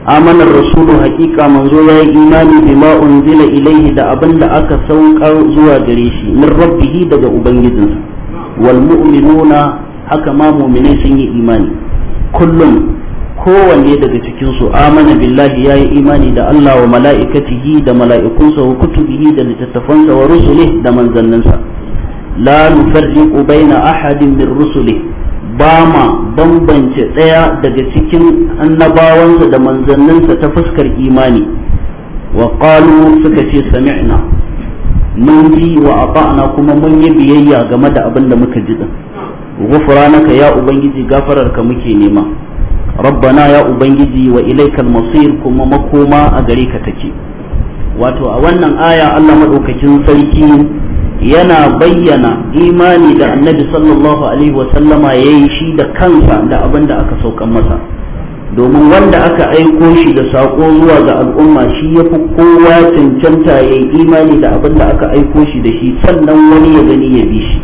amana rasulu haƙiƙa manzo ya yi imani bima unzila ilaihi da abin da aka sauka zuwa gare shi min rabbihi daga ubangijinsa wal mu'minuna haka ma mu'minai sun yi imani kullum kowanne daga cikinsu amana billahi ya yi imani da Allah wa mala'ikatihi da mala'ikunsa wa kutubihi da littattafansa wa rusuli da manzanninsa la nufarriqu baina ahadin min rusuli ba ma bambance ɗaya daga cikin annabawansa da manzanninsa ta fuskar imani wa qalu suka ce sami'na mun ji wa ata'na kuma mun yi biyayya game da abin da muka ji din ghufranaka ya ubangiji gafararka muke nema rabbana ya ubangiji wa ilaikal masir kuma makoma a gare ka take wato a wannan aya Allah madaukakin sarki yana bayyana imani da annabi sallallahu alaihi wa ya yi shi da kansa da abin da aka saukan masa domin wanda aka aiko shi da sako zuwa ga al'umma shi ya fi kowa cancanta ya imani da abin da aka aiko shi da shi sannan wani ya gani ya bi shi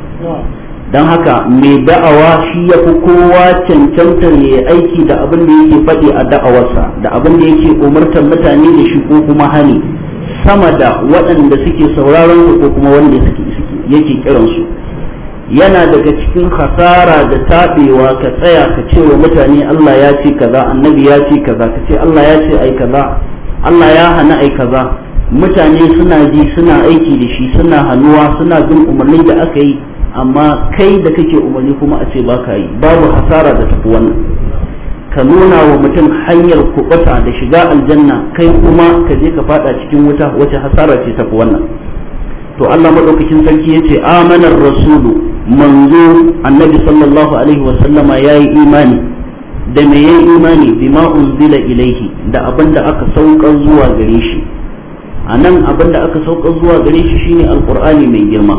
don haka mai da'awa shi ya fi kowa cancantar ya aiki da abin da yake faɗi a da'awarsa da abin da yake umartar mutane da shi ko kuma hani sama da waɗanda suke sauraron ko kuma wanda yake kiransu yana daga cikin hasara da taɓewa ka tsaya ka ce wa mutane Allah ya ce kaza annabi ya ce kaza ka ce Allah ya ce ai kaza Allah ya hana ai kaza mutane suna ji suna aiki da shi suna hannuwa suna bin umarnin da aka yi amma kai da kake umarni kuma a ce ba ka yi babu hasara da tafi wannan ka nuna wa mutum hanyar kubata da shiga aljanna kai kuma ka je ka fada cikin wuta wace hasara ce tafi wannan to Allah madaukakin sarki yace amanar rasulu manzo annabi sallallahu alaihi wasallama yayi imani da me yayi imani bima unzila ilaihi da abinda aka saukar zuwa gare shi anan abinda aka saukar zuwa gare shi shine alqur'ani mai girma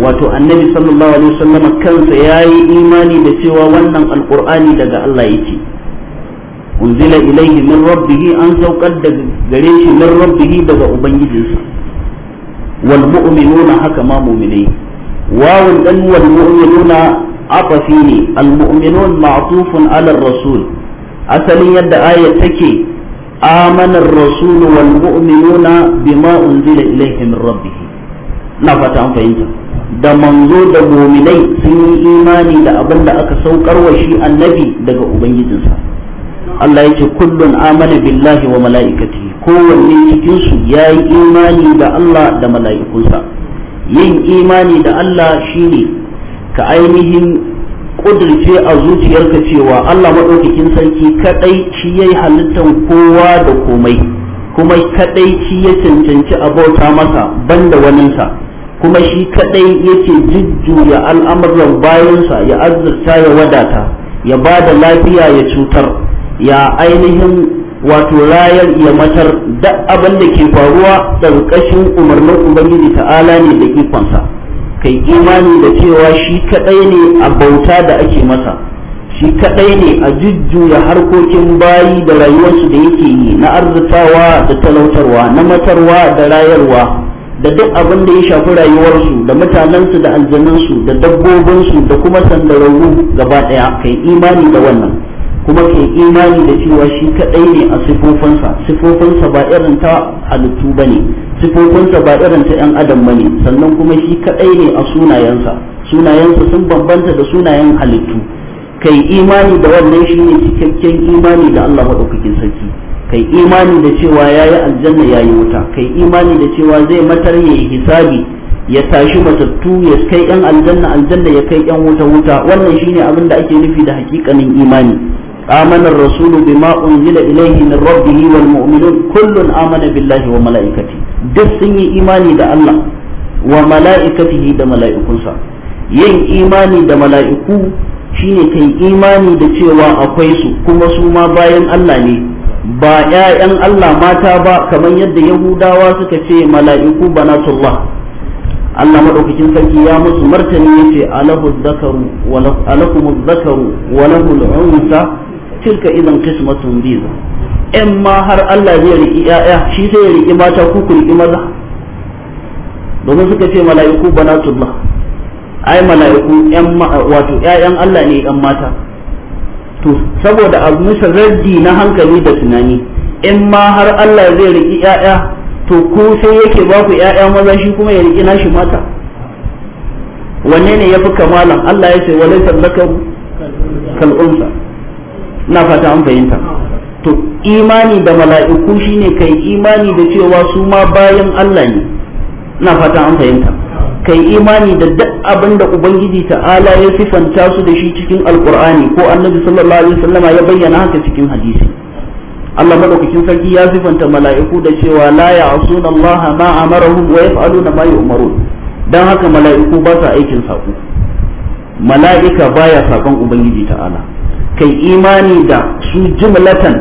wato annabi sallallahu alaihi wasallam kansa ya yi imani da cewa wannan alqur'ani daga Allah yake unzila ilaihi min rabbihi an saukar da gare shi min rabbihi daga ubangijinsa wal mu'minuna haka ma mu'minai wawun dan wal mu'minuna afafi ne al mu'minun ma'tufun ala rasul asalin yadda aya take amana ar-rasul wal mu'minuna bima unzila ilaihi min rabbih na fata an fahimta da manzo da mominai sun yi imani da abin da aka saukar wa shi annabi daga ubangijinsa Allah yake kullun amana billahi wa mala'ikati kowanne cikin su yayi imani da Allah da mala'ikunsa yin imani da Allah shine ka ainihin kudirce a zuciyarka cewa Allah maɗaukakin sarki kadai shi yayi halittar kowa da komai kuma kadai shi ya cancanci abauta masa banda waninsa kuma shi kadai yake jujjuya al'amuran bayansa ya azurta ya wadata ya ba da lafiya ya cutar ya ainihin wato rayar ya matar duk abin da ke faruwa ƙarƙashin umarnin ubangiji ta'ala ne da ikonsa kai imani da cewa shi kadai ne a bauta da ake masa shi kadai ne a jujjuya harkokin bayi da rayuwarsu da yake yi na arzikawa da talautarwa na matarwa da rayarwa da duk abin da ya shafi rayuwarsu da mutanensu da aljanunsu da dabbobinsu da kuma sandararru gaba daya kai imani da wannan kuma kai imani da cewa shi kaɗai ne a sifofinsa sifofinsa ba irin ta halittu ba ne sifofinsa ba irin ta 'yan adam ba sannan kuma shi kaɗai ne a sunayensa sunayensa sun bambanta da sunayen halittu kai imani da wannan shi ne cikakken imani da allah maɗaukakin sarki kai imani da cewa yayi aljanna yayi wuta kai imani da cewa zai matar yi hisabi ya tashi matattu ya kai yan aljanna aljanna ya kai yan wuta wuta wannan shine abin da ake nufi da hakikanin imani آمن الرسول بما أنزل إليه من ربه والمؤمنون amana billahi wa mala'ikati duk sun yi imani da Allah wa mala'ikatihi da mala'ikunsa yin imani da mala'iku shine kai imani da cewa akwai su kuma su ma bayan Allah ne ba ‘ya'yan Allah mata ba kamar yadda Yahudawa suka ce mala'iku banatullah Allah maɗaukakin sarki ya musu martani ya ce alakumuz zakaru walahul unsa tilka idan qismatun biza Yan ma har Allah zai riƙi ‘ya'ya shi sai ya riƙi mata ku ku riƙi maza domin suka ce mala'iku banatullah ai mala'iku wato ‘ya'yan Allah ne ‘yan mata to saboda a musa raddi na hankali da tunani in ma har Allah zai riki ƴaƴa to ko sai yake ba ku ƴaƴa maza shi kuma ya riki nashi mata wanne ne yafi kamalan Allah ya ce walai sallakaru kal'unsa na fata an fahimta to imani da mala'iku shine kai imani da cewa su ma bayan Allah ne na fata an fahimta kai imani da duk abin da ubangiji ta'ala ya sifanta su da shi cikin alkur'ani ko annabi sallallahu alaihi wasallama ya bayyana haka cikin hadisi Allah madaukakin sarki ya sifanta mala'iku da cewa la ya'suna Allah ma amarahum wa yaf'aluna ma yu'marun dan haka mala'iku ba sa aikin sako mala'ika baya sakon ubangiji ta'ala kai imani da su jumlatan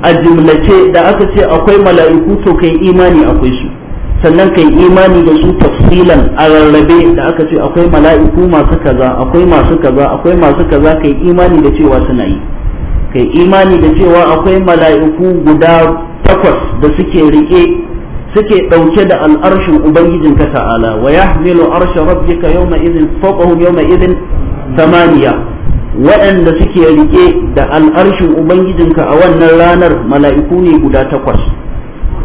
a jumlace da aka ce akwai mala'iku to kai imani akwai su sannan kai imani da su tafsilan a rarrabe da aka ce akwai mala'iku masu kaza akwai masu kaza akwai masu kaza kai imani da cewa suna yi kai imani da cewa akwai mala'iku guda takwas da suke rike suke dauke da al'arshin ubangijin ka ta'ala wa yahmilu arsha rabbika yawma idhin fawqahum yawma idhin samaniya waɗanda suke rike da al'arshin ubangijinka a wannan ranar mala'iku ne guda takwas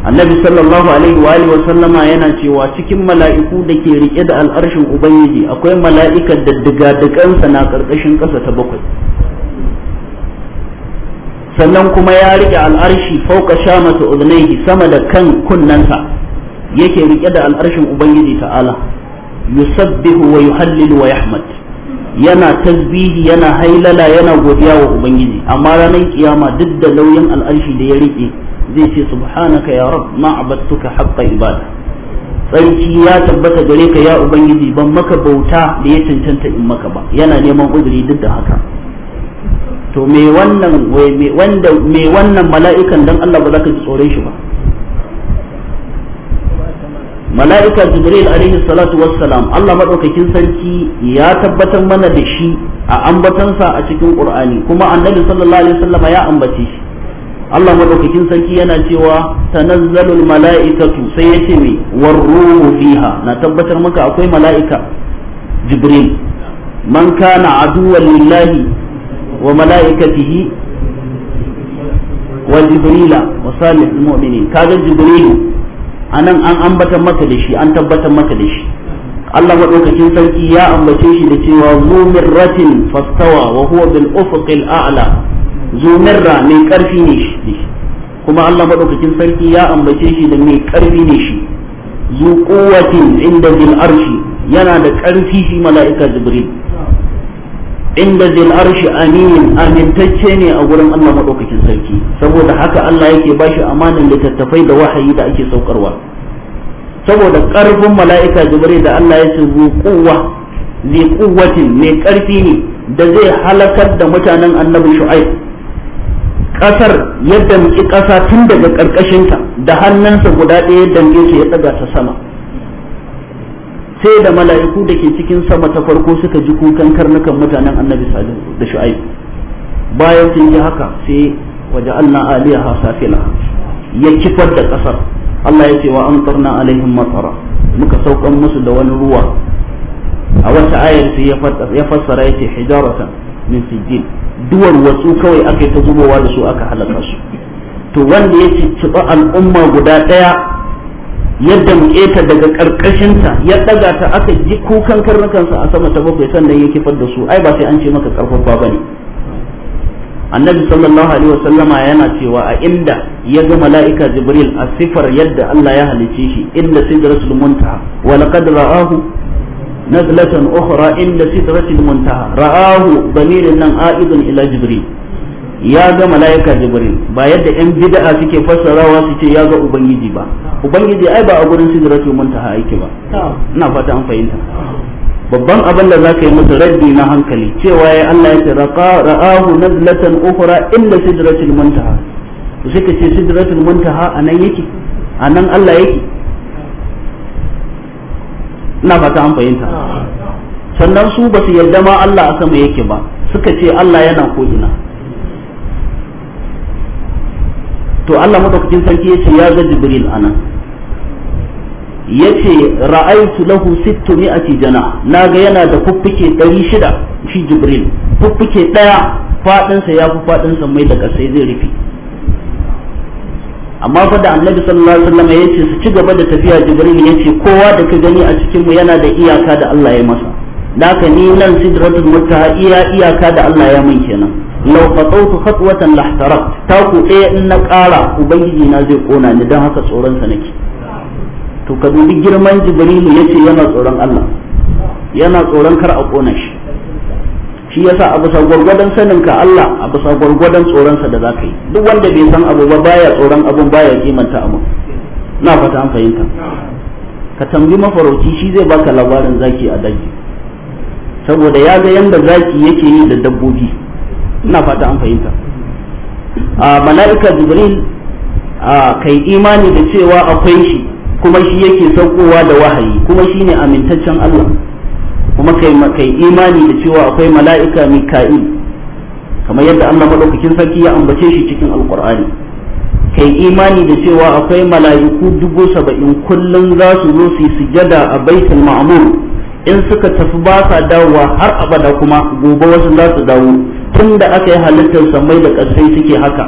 annabi sallallahu alaihi wa alihi sallama yana cewa cikin mala'iku da ke rike da al'arshin ubangiji akwai mala'ikan da digadigansa na karkashin ƙasa ta bakwai sannan kuma ya rike al'arshi fauka sha masa sama da kan kunnansa yake rike da al'arshin ubangiji ta'ala yusabbihu wa yuhallilu wa yahmad yana tasbihi yana hailala yana godiya wa ubangiji amma ranar kiyama duk da lauyan al'arshi da ya rike zai ce subhanaka ya rab ma abattuka haqqa ibada tsarki ya tabbata gare ka ya ubangiji ban maka bauta da ya cancanta in maka ba yana neman uzuri duk da haka to me wannan wanda me wannan mala'ikan dan Allah ba za ka ji tsoron shi ba mala'ika jibril alaihi salatu wassalam Allah madaukakin sarki ya tabbatar mana da shi a ambatansa a cikin qur'ani kuma annabi sallallahu alaihi wasallama ya ambace shi Allah madaukakin sarki yana cewa tanazzalul mala'ikatu sai ya ce me warruhu fiha na tabbatar maka akwai mala'ika jibril man kana aduwwan lillahi wa mala'ikatihi wa jibrila wa salihul mu'minin kaga jibril anan an ambata maka da shi an tabbatar maka da shi Allah madaukakin sarki ya ambace shi da cewa zu mirratin fastawa wa huwa bil ufuqil a'la zumirra mai karfi ne shi kuma Allah madaukakin sarki ya ambace shi da mai karfi ne shi zu inda zil arshi yana da karfi shi mala'ika jibril inda zil arshi amin amintacce ne a gurin Allah madaukakin sarki saboda haka Allah yake bashi amanan littattafai da wahayi da ake saukarwa saboda karfin mala'ika jibril da Allah ya ce zu quwwa zai mai karfi ne da zai halakar da mutanen annabi shu'aib kasar ya danki kasa tun daga ta da hannunsa guda ɗaya ya damƙe ta ya tsaga ta sama sai da mala'iku da ke cikin sama ta farko suka ji kukan karnukan mutanen annabi salihu da shu'aib bayan sun ji haka sai waje allah aliyaha fila ya kifar da kasar allah ya ce wa an karna alaihim matsara muka saukan musu da wani ruwa a wata ayar sai ya fassara ya ce hijaratan min sijil duwar wasu kawai aka ta zubowa da su aka halaka su to wanda ya cicciɓa al'umma guda ɗaya yadda muƙeta daga ƙarƙashinta ya ɗaga ta aka ji kukan karnukansa a sama ta bakwai sannan ya kifar da su ai ba sai an ce maka ƙarfafa ba ne annabi sallallahu alaihi wasallama yana cewa a inda ya ga mala'ika jibril a sifar yadda Allah ya halicce shi inda sidratul muntaha wa laqad ra'ahu نزلة أخرى عند سدرة المنتهى رآه ضمير نن عائد إلى جبريل يا ذا mala'ika جبريل ba yadda yan bid'a suke fassarawa su ce ya ga ubangiji ba ubangiji ai ba a gurin sidratul muntaha yake ba ina fata babban abin da zaka yi musu raddi na hankali cewa ya Allah ya ce raqa ra'ahu nazlatan ukhra illa sidratil muntaha to sai ka ce sidratil muntaha anan yake anan Allah yake ina fata an fahimta sannan su ba su yarda ma Allah a sama yake ba suka ce Allah yana ko ina to Allah madaukakin sarki ce ya ga Jibril anan yace ra'aytu lahu 600 jana naga yana da fuffuke 600 shi Jibril fuffuke ɗaya faɗinsa sa yafi faɗinsa mai da kasai zai rufe amma fa da annabi sallallahu alaihi wasallam ya ce su ci gaba da tafiya jibril ya ce kowa da ka gani a cikin mu yana da iyaka da Allah ya masa daka ni nan sidratul muntaha iya iyaka da Allah ya min kenan law fatawtu khatwatan lahtarab ta ku in na kara ubangiji na zai kona ni dan haka tsoron sa nake to ka dubi girman jibril ya ce yana tsoron Allah yana tsoron kar a kona shi shi yasa a bisa gwargwadon sanin ka Allah a bisa gwargwadon tsoronsa da zaka yi duk wanda bai san abu ba baya tsoron abun baya kimanta abu na fata an fahimta ka tambi mafarauci shi zai baka labarin zaki a daji saboda ya ga yanda zaki yake yi da dabbobi ina fata an fahimta a mala'ika jibril a kai imani da cewa akwai shi kuma shi yake saukowa da wahayi kuma shine amintaccen Allah kuma kai imani da cewa akwai mala'ika mika'il kamar yadda Allah madaukakin sarki ya ambace shi cikin alkur'ani kai imani da cewa akwai mala'iku dubu saba'in kullum za su zo su yi sujada a baitul ma'mur in suka tafi ba sa dawowa har abada kuma gobe wasu za su dawo tun da aka yi halittar samai da kasai suke haka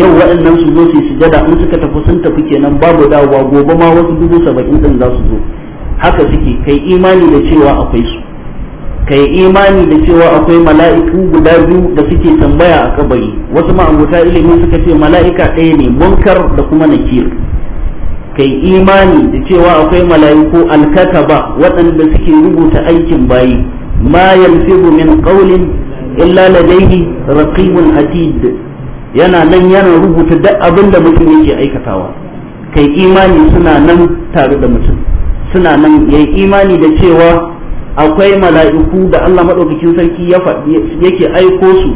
yau waɗannan su zo su sujada in suka tafi sun tafi kenan babu dawowa gobe ma wasu dubu saba'in din za su zo haka suke kai imani da cewa akwai su ka yi imani da cewa akwai mala'iku guda biyu da suke tambaya a kabari wasu ma'abuta ilimin suka ce mala'ika ɗaya ne munkar da kuma nakir ka yi imani da cewa akwai mala'iku alkataba waɗanda suke rubuta aikin bayi ma yalfi min ƙaunin illa ladayhi raqibun atid yana nan yana rubuta duk abin da mutum yake aikatawa kai imani suna nan tare da mutum suna nan yayi imani da cewa akwai mala'iku da Allah maɗaukakin sarki yake aiko su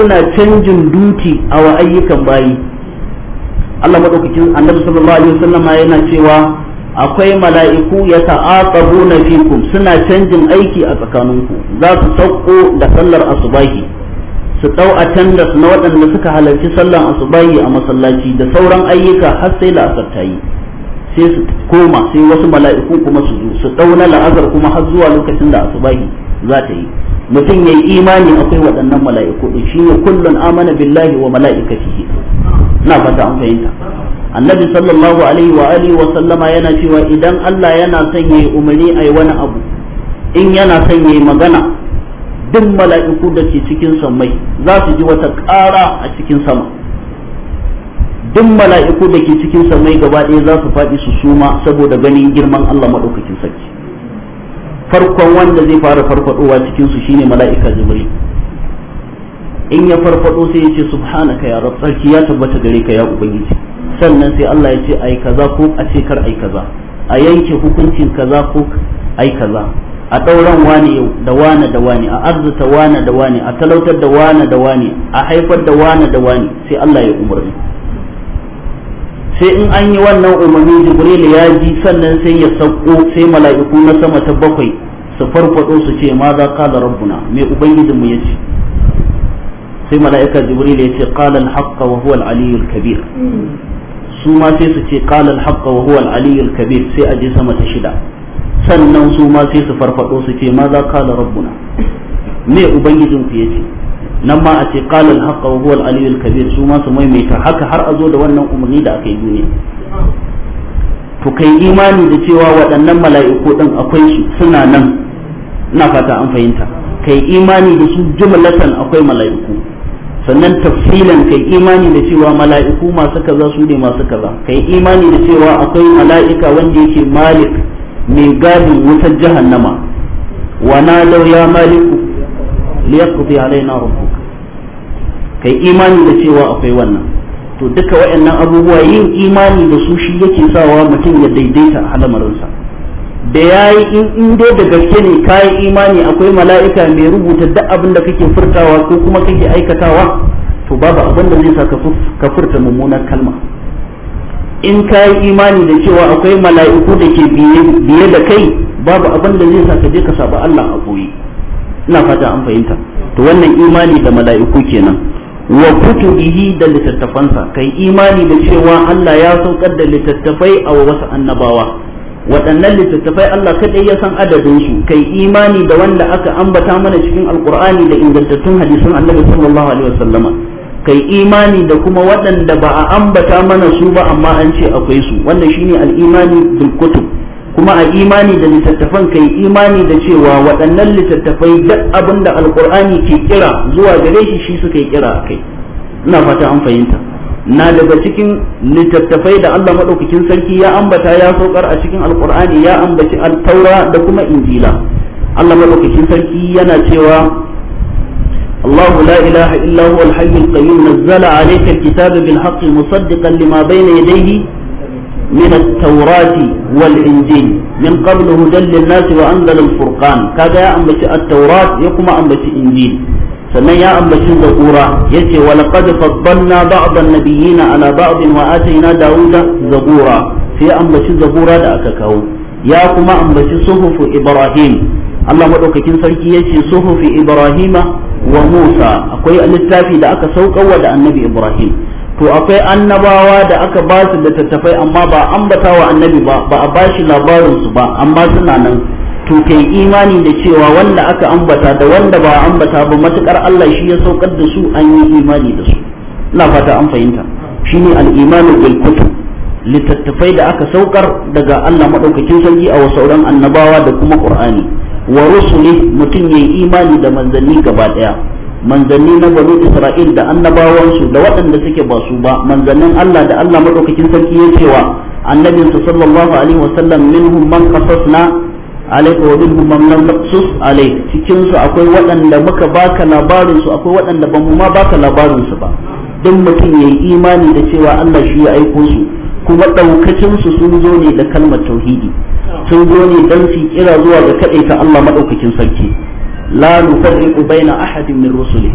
suna canjin duti a wa ayyukan bayi Allah maɗaukakin annabi sallallahu alaihi wasallam yana cewa akwai mala'iku ya na fikum suna canjin aiki a tsakaninku za su sauko da sallar asubahi su dau attendance na waɗanda suka halarci sallar asubahi a masallaci da sauran ayyuka har sai la'asar ta yi sai su koma sai wasu mala'iku kuma su su dauna la'azar kuma har zuwa lokacin da asubahi za ta yi mutum ya yi imani akwai waɗannan mala'iku din shi ne kullun amana billahi wa mala'ikatihi na fata an fahimta annabi sallallahu alaihi wa alihi wa sallama yana cewa idan Allah yana son yayi umarni ayi wani abu in yana son yayi magana duk mala'iku da ke cikin sammai za su ji wata ƙara a cikin sama duk mala'iku da ke cikin samai gaba ɗaya za su faɗi su suma saboda ganin girman Allah maɗaukakin sarki farkon wanda zai fara farfadowa cikin su shine mala'ika jibril in ya farfado sai ya ce subhanaka ya rab sarki ya tabbata gare ka ya ubangiji sannan sai Allah ya ce ai kaza ko a ce kar ai kaza a yanke hukuncin kaza ko ai kaza a ɗauran wani da wane da wani a arzuta wane da wani a talautar da wane da wani a haifar da wane da wani sai Allah ya umarni sai in an yi wannan umarni jibril ya ji sannan sai ya sauko sai mala'iku na sama ta bakwai su farfado su ce ma za ka da rabbuna mai ubangiji mu yace sai mala'ika jibril ya ce qala al-haqqa wa huwa al al kabir su ma sai su ce qala al-haqqa wa huwa al al kabir sai aje sama ta shida sannan su ma sai su farfado su ce ma za ka da rabbuna mai ubangijin ku yace nan ma a ce qala al-haqqa wa huwa kabir su ma su maimaita haka har a zo da wannan umarni da aka yi duniya to kai imani da cewa waɗannan mala'iku ɗin akwai suna nan ina fata an fahimta kai imani da su jumlatan akwai mala'iku sannan tafsilan kai imani da cewa mala'iku masu kaza su ne masu kaza kai imani da cewa akwai mala'ika wanda yake malik mai gadin wutar jahannama wa na ya maliku liyaqdi alaina rabbuka kai imani da cewa akwai wannan to duka wayannan abubuwa yin imani da su shi yake sawa mutum ya daidaita al'amarinsa da yayi in dai da gaske ne kayi imani akwai mala'ika mai rubuta duk abin da kake furtawa ko kuma kake aikatawa to babu abin da zai sa ka furta mummunar kalma in ka yi imani da cewa akwai mala'iku da ke biye da kai babu abin da zai sa ka je ka saba Allah a koyi ina fata an fahimta to wannan imani da mala'iku kenan wa kutubihi da littattafansa kai imani da cewa Allah ya saukar da littattafai a wasu annabawa waɗannan littattafai Allah kaɗai ya san adadin su kai imani da wanda aka ambata mana cikin alkur'ani da ingantattun hadisan annabi sallallahu alaihi wasallama kai imani da kuma waɗanda ba a ambata mana su ba amma an ce akwai su wannan shine al-imani bil kutub kuma a imani da littattafan kai imani da cewa waɗannan littattafai duk abin da alkur'ani ke kira zuwa gare shi shi suka yi kira a kai ina fata an fahimta na daga cikin littattafai da Allah maɗaukakin sarki ya ambata ya saukar a cikin alkur'ani ya ambaci altaura da kuma injila Allah maɗaukakin sarki yana cewa الله لا إله إلا هو الحي القيوم نزل عليك الكتاب بالحق مصدقا لما بين يديه من التوراة والإنجيل من قبل هدى للناس وأنزل الفرقان كذا يا أمتي التوراة يقوم أمتي إنجيل سنة يا أمتي زبورة يتي ولقد فضلنا بعض النبيين على بعض وآتينا داود زبورا في أمتي زبورة لأككو يا كما أمتي صحف إبراهيم الله مدوككين سركي يتي صحف إبراهيم وموسى أقول التافي لأك سوق ودأ النبي إبراهيم to akwai annabawa da aka ba su littattafai amma ba ambata wa annabi ba ba a ba shi labarinsu ba amma suna nan to kai imani da cewa wanda aka ambata da wanda ba ambata ba matukar Allah shi ya saukar da su an yi imani da su ina fata an fahimta shine al-imanu bil kutub littattafai da aka saukar daga Allah madaukakin sarki a sauran annabawa da kuma Qur'ani wa rusuli mutum yayi imani da manzanni gaba daya manzanni na banu isra'il da annabawansu da waɗanda suke ba su ba manzannin Allah da Allah madaukakin sarki ya cewa annabin su sallallahu alaihi wasallam minhum man na alayka wa minhum man lam naqsus alayk cikin su akwai waɗanda muka baka labarin su akwai waɗanda ba mu ma baka labarin su ba duk mutum yayi imani da cewa Allah shi ya aiko su kuma ɗaukacin su sun zo ne da kalmar tauhidi sun zo ne dan su kira zuwa ga kaɗaita Allah madaukakin sarki la nufarriqu baina ahadin min rusuli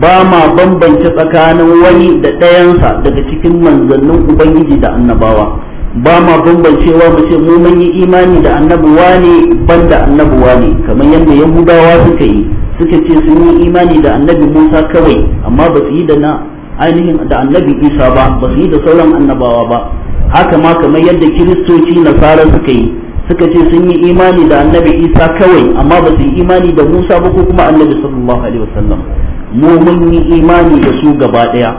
ba ma bambance tsakanin wani da ɗayansa daga cikin manzannin ubangiji da annabawa ba ma bambancewa mu ce mu mun yi imani da annabuwa ne banda annabuwa ne kamar yadda yahudawa suka yi suka ce sun yi imani da annabi musa kawai amma ba su yi da na ainihin da annabi isa ba ba su yi da sauran annabawa ba haka ma kamar yadda kiristoci nasara suka yi suka ce sun yi imani da annabi isa kawai amma ba su yi imani da musa ba ko kuma annabi sallallahu alaihi wasallam mu mun yi imani da su gaba daya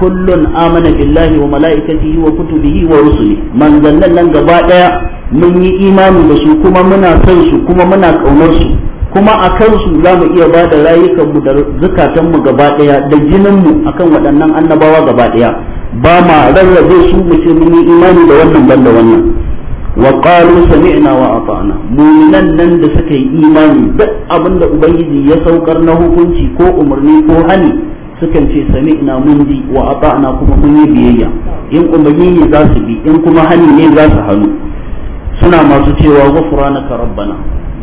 kullun amana billahi wa mala'ikatihi wa kutubihi wa rusuli manzannan nan gaba daya mun yi imani da su kuma muna son su kuma muna kaunar su kuma a kansu za mu iya bada mu da mu gaba daya da jinin mu akan waɗannan annabawa gaba daya ba ma rarrabe su mu ce mun yi imani da wannan banda wannan wa qalu sami'na wa ata'na mu'minan nan da suka yi imani duk abin da ubangiji ya saukar na hukunci ko umarni ko hani suka ce sami'na mun ji wa kuma mun yi biyayya in umarni ne za su bi in kuma hani ne za su hannu suna masu cewa ghufranaka rabbana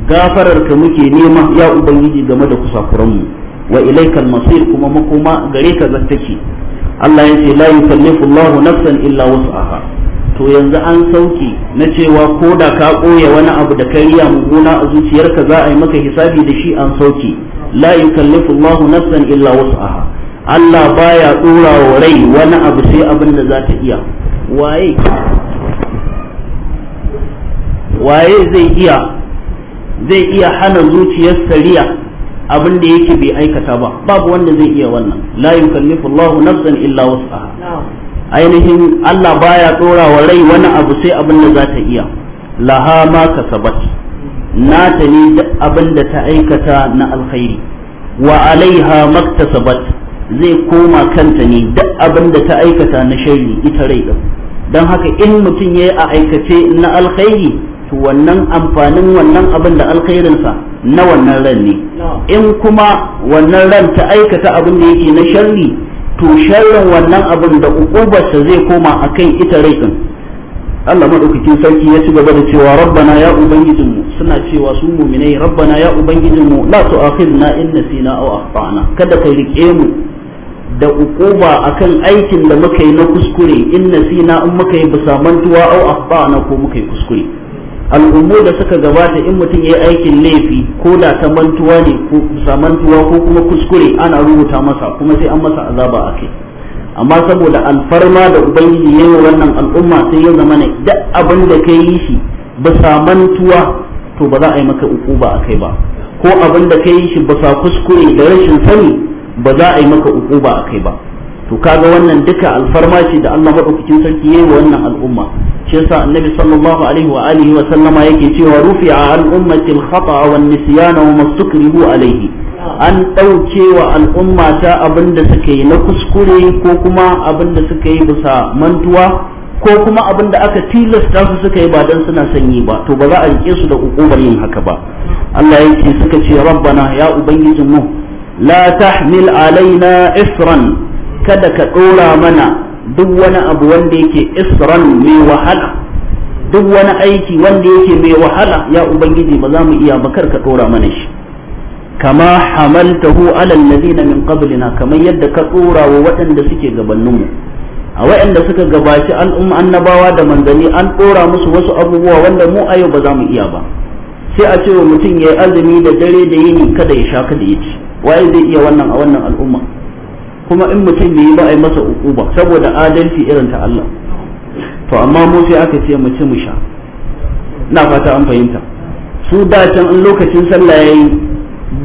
gafarar ka muke nema ya ubangiji game da kusakuran mu wa ilaikal masir kuma makoma gare ka zattake Allah ya ce la yukallifu Allahu nafsan illa wus'aha to yanzu an sauki na cewa ko da ka koya wani abu da kai riya mummuna a zuciyarka za a yi maka hisabi da shi an sauki la yukallifu Allahu nafsan illa wus'aha Allah baya tsura wa rai wani abu sai abin da za ta iya waye waye zai iya zai iya hana zuciyar sariya abin da yake bai aikata ba babu wanda zai iya wannan la yukallifu Allahu nafsan illa wus'aha ainihin Allah baya tsora wa rai wani abu sai abin da za ta iya laha ma na ta ne duk abin da ta aikata na alkhairi wa alaiha sabat zai koma kanta ne duk abin da ta aikata na sharri ita rai din don haka in mutum ya yi a aikace na alkhairi to wannan amfanin wannan abin da alkhairinsa na wannan ran ne in kuma wannan ran ta aikata abin da yake na sharri to sharrin wannan abin da ukubarsa zai koma akan ita rai Allah madaukakin sarki ya ci gaba da cewa rabbana ya ubangijinmu suna cewa su muminai rabbana ya ubangijinmu la tu'akhidna in nasina aw akhtana kada ka rike mu da ukuba akan aikin da muka yi na kuskure in nasina in muka yi bisa aw akhtana ko muka yi kuskure al'ummu da suka gabata in mutum ya yi aikin laifi ko da ta mantuwa ne ko mantuwa ko kuma kuskure ana rubuta masa kuma sai an masa azaba a kai amma saboda alfarma da ubangiji ya yi wannan al'umma sai ya zama ne duk abin da ka yi shi ba mantuwa to ba za a yi maka ukuba a kai ba ko abin da ka yi shi ba sa kuskure da rashin sani ba za a yi maka ukuba a kai ba to kaga wannan duka alfarma ce da Allah madaukakin sarki yayi wa wannan al'umma shi yasa annabi sallallahu alaihi wa alihi wa sallama yake cewa rufi'a al ummati al khata wa an wa mastukrihu alaihi an dauke wa al umma ta abinda suka yi na kuskure ko kuma abinda suka yi bisa mantuwa ko kuma abin aka tilasta su suka yi ba dan suna sanyi ba to ba za a rike su da hukumar yin haka ba Allah ya ce suka ce rabbana ya ubangijin mu la tahmil alaina isran kada ka dora mana duk wani abu wanda yake isran mai wahala duk wani aiki wanda yake mai wahala ya ubangiji ba za mu iya ba kar ka dora mana shi kama hamaltahu ala alladhina min qablina kamar yadda ka dora wa waɗanda suke gabaninmu a waɗanda suka gabaci al'umma annabawa da manzanni an dora musu wasu abubuwa wanda mu a yau ba za mu iya ba sai a ce wa mutum ya yi azumi da dare da yini kada ya sha kada ya ci waye zai iya wannan a wannan al'umma kuma in mutum ne yi ba a yi masa ukuba saboda adalci irin ta Allah to amma mu sai aka ce mu ci mu sha na fata an fahimta su da can in lokacin sallah yayi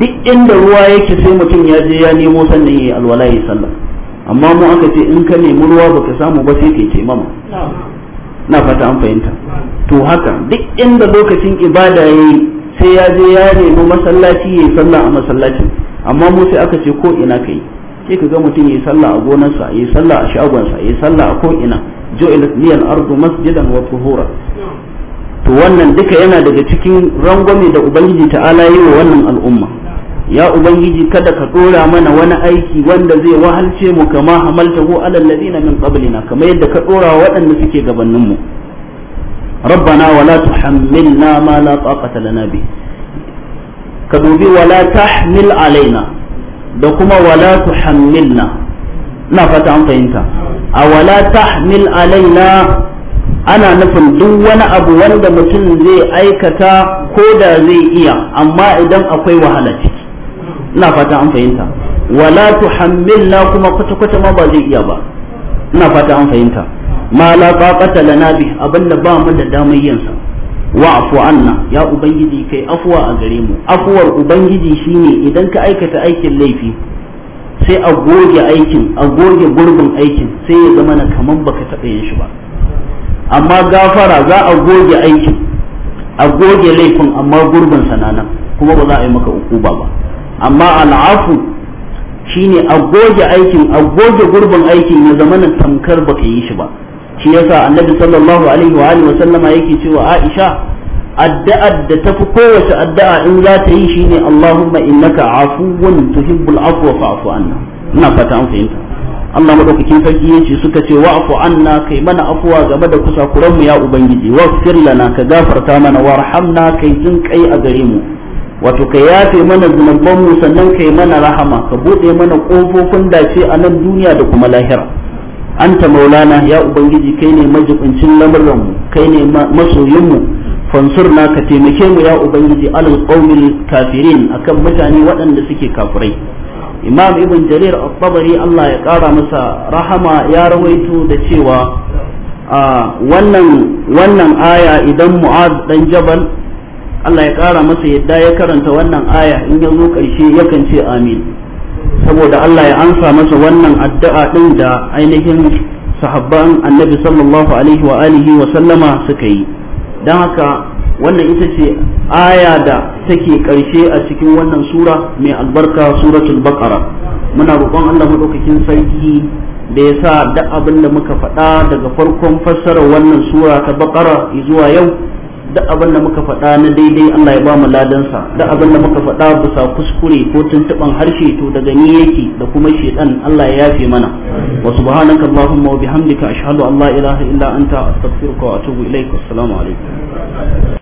duk inda ruwa yake sai mutum ya je ya nemo sannan yayi alwala yayi sallah amma mu aka ce in ka nemi ruwa baka samu ba sai kai taimama na fata an fahimta to haka duk inda lokacin ibada yayi sai ya je ya nemi masallaci yayi sallah a masallacin amma mu sai aka ce ko ina kai sai ka ga mutum yayi sallah a gonarsa yayi sallah a shagonsa yayi sallah a ko'ina ju'ilat liyal ardu masjidan wa tuhura to wannan duka yana daga cikin rangwame da ubangiji ta'ala yi wa wannan al'umma ya ubangiji kada ka dora mana wani aiki wanda zai wahalce mu kama hamaltahu alal ladina min qablina kamar yadda ka dora waɗanda suke gabanin mu rabbana wala tuhammilna ma la taqata lana bi ka dubi wala tahmil alaina da kuma wala tuhammilna ina fata an fahimta a wala tahmil alaina ana nufin duk wani abu wanda mutum zai aikata ko da zai iya amma idan akwai wahala ciki ina fata an fahimta wala tuhammilna kuma kwata-kwata ma ba zai iya ba ina fata an fahimta ma la taqata lana bi abinda ba mu da damar yin sa wa'fu anna ya ubangiji kai afuwa a gare mu afwar ubangiji shine idan ka aikata aikin laifi sai a goge aikin a goge gurbin aikin sai ya zama na kaman baka taɓa yin shi ba amma gafara za a goge aikin a goge laifin amma gurbin sanana kuma ba za a yi maka ukuba ba amma al'afu shine a goge aikin a goge gurbin aikin ya zama na tamkar baka yi shi ba shi yasa annabi sallallahu alaihi wa alihi wasallama yake cewa Aisha addu'ar da tafi kowace addu'a in za ta yi shine Allahumma innaka afuwun tuhibbul afwa fa'fu anna ina fata an fahimta Allah madaukakin sarki yace suka ce wa'fu anna kai mana afwa game da mu ya ubangiji waghfir lana ka gafarta mana warhamna kai jin kai a gare mu wato ka yafe mana zunubanmu sannan kai mana rahama ka bude mana kofofin dace a nan duniya da kuma lahira anta maulana ya ubangiji kai ne majibincin mu kai ne masoyinmu na ka taimake mu ya ubangiji alal qaumil kafirin akan mutane waɗanda suke kafurai. imam ibn jarir at-tabari Allah ya kara masa rahama ya rawaito da cewa wannan wannan aya idan mu'az dan jabal Allah ya kara masa yadda ya karanta wannan aya in ya zo ya yakan ce amin saboda Allah ya ansa masa wannan addu'a din da ainihin sahabban annabi sallallahu alaihi wa alihi wa sallama suka yi don haka wannan ita ce aya da take ƙarshe a cikin wannan sura mai albarka suratul baqara muna roƙon Allah madaukakin sarki da ya sa duk abin da muka faɗa daga farkon fassarar wannan sura ta baqara zuwa yau duk abin da muka faɗa na daidai Allah ya ba mu ladansa duk abin da muka faɗa bisa kuskure ko tuntuɓan harshe to daga ni yake da kuma shedan Allah ya yafe mana wa subhanaka allahumma wa bihamdika ashhadu an la ilaha illa anta astaghfiruka wa atubu ilaik assalamu alaikum